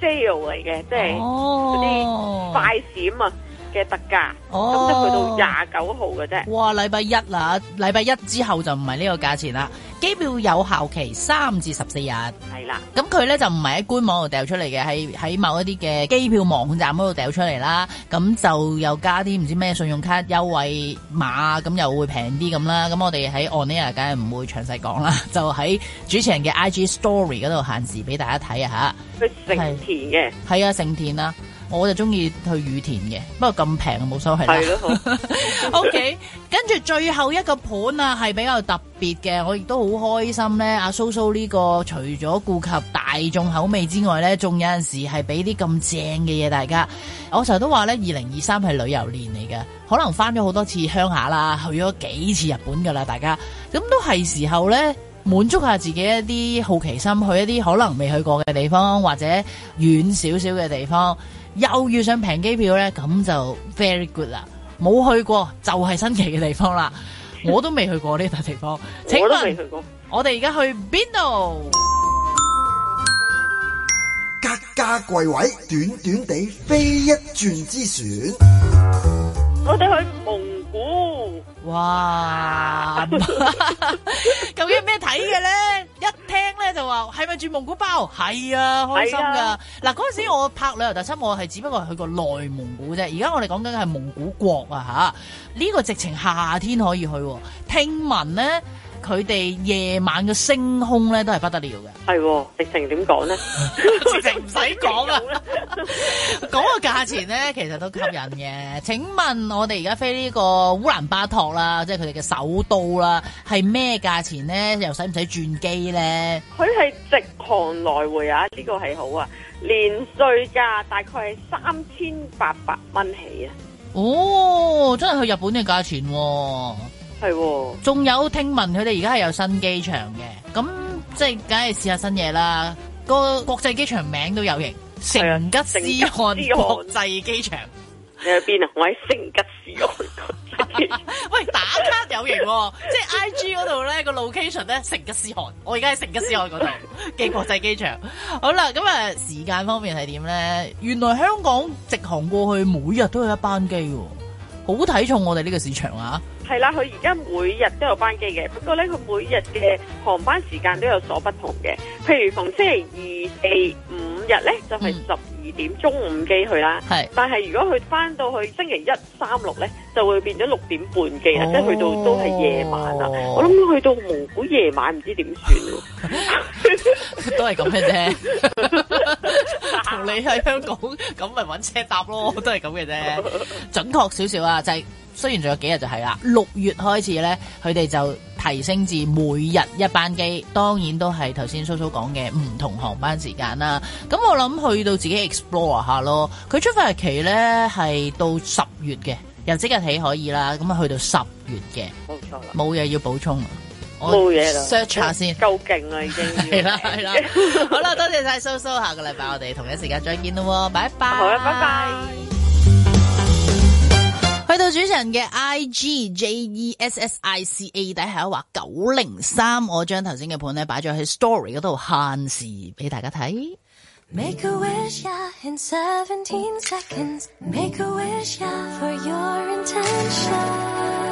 sale 嚟嘅，即係嗰啲快閃啊嘅特價咁，即、哦、去到廿九號嘅啫。哇！禮拜一啦，禮拜一之後就唔係呢個價錢啦。機票有效期三至十四日，係啦的。咁佢咧就唔係喺官網度掉出嚟嘅，係喺某一啲嘅機票網站嗰度掉出嚟啦。咁就又加啲唔知咩信用卡優惠碼，咁又會平啲咁啦。咁我哋喺 on air 梗係唔會詳細講啦，就喺主持人嘅 IG story 嗰度限時俾大家睇啊嚇。成田嘅，係啊，成田啊。我就中意去羽田嘅，不過咁平冇所謂。係 OK，跟住最後一個盤啊，係比較特別嘅，我亦都好開心呢。阿、 啊、蘇蘇呢、呢個除咗顧及大眾口味之外呢，仲有陣時係俾啲咁正嘅嘢大家。我成日都話呢，二零二三係旅遊年嚟嘅，可能翻咗好多次鄉下啦，去咗幾次日本噶啦，大家咁都係時候呢，滿足下自己一啲好奇心，去一啲可能未去過嘅地方，或者遠少少嘅地方。又遇上平機票咧，咁就 very good 啦！冇去過就係新奇嘅地方啦，我都未去過呢笪地方。 請問我都未去過。我哋而家去邊度？格價貴位，短短地飛一轉之選。我哋去蒙古。哇！ 究竟咩睇嘅咧？一聽咧就話係咪住蒙古包？係啊，開心噶。嗱、啊，嗰陣時我拍旅遊特輯，我係只不過去過內蒙古啫。而家我哋講緊係蒙古國啊，吓、這、呢個直情夏天可以去、啊。聽聞咧。佢哋夜晚嘅星空咧都係不得了嘅，係直情點講咧？直情唔使講啦，講個價錢咧其實都吸引嘅。請問我哋而家飛呢個烏蘭巴托啦，即係佢哋嘅首都啦，係咩價錢咧？又使唔使轉機咧？佢係直航來回啊，呢個係好啊，連稅價，大概係三千八百蚊起啊。哦，真係去日本嘅價錢啊。係仲，哦、有聽聞佢哋而家係有新機場嘅，咁即係梗係試下新嘢啦。個國際機場名都有型，成吉思汗國際機場，你喺邊啊？我喺成吉思汗嗰 喂，打卡有型喎， 即係 I G 嗰度咧，個 location 咧，成吉思汗，我而家喺成吉思汗嗰度嘅國際機場。好啦，咁啊，時間方面係點咧？原來香港直航過去每日都有一班機，好睇重我哋呢個市場啊！係啦，佢而家每日都有班機嘅，不過咧，佢每日嘅航班時間都有所不同嘅，譬如逢星期二、四、五。今日咧就係十二點中午機去啦，但係如果佢翻到去星期一三六咧，就會變咗六點半機啦，即係去到都係夜晚啦。我諗去到蒙古夜晚唔知點算，都係咁嘅啫。同你喺香港咁咪揾車搭咯，都係咁嘅啫。準確少少啊，就係雖然仲有幾日就係啦，六月開始咧，佢哋就。提升至每日一班機，當然都係頭先蘇蘇講嘅唔同航班時間啦。咁我諗去到自己 explore 下咯。佢出發日期咧係到十月嘅，由即日起可以啦。咁啊去到十月嘅，冇錯啦，冇嘢要補充。我冇嘢啦，search 下先。夠勁啦已經。 係啦係啦，好啦，多謝晒蘇蘇， 下個禮拜我哋同一時間再見咯，拜拜。好啦，拜拜。去到主持人嘅、e、I G J E S S I C A，底下一話九零三，我將頭先嘅盤咧擺咗喺 story 嗰度限時俾大家睇。Make a wish, in 17 seconds. Make a wish, for your intention.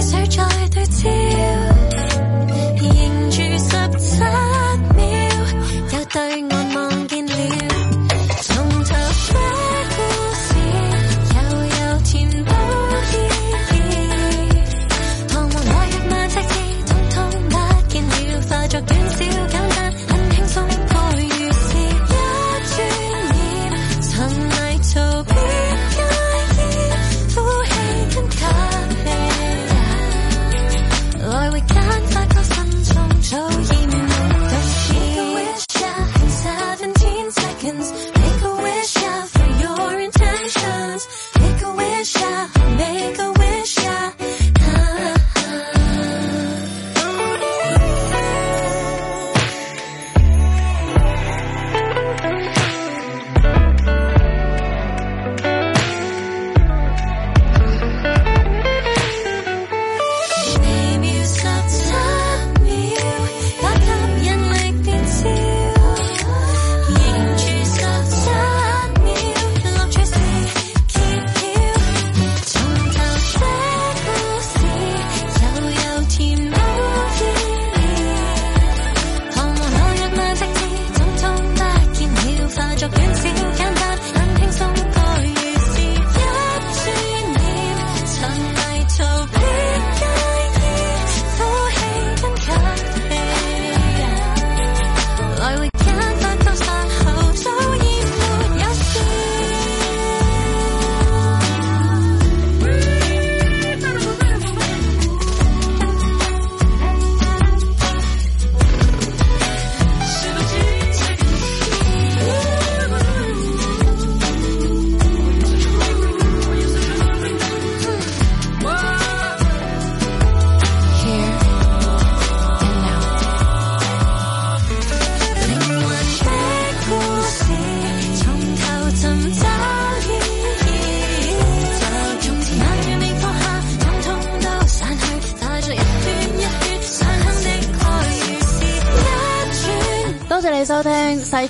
思緒在對焦，凝住十七秒，有對。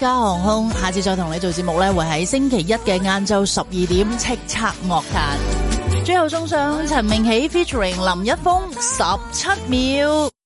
家航空，下次再同你做節目咧，會喺星期一嘅晏晝十二點，叱咤樂壇。最後送上陳明喜 Hi. featuring 林一峰十七秒。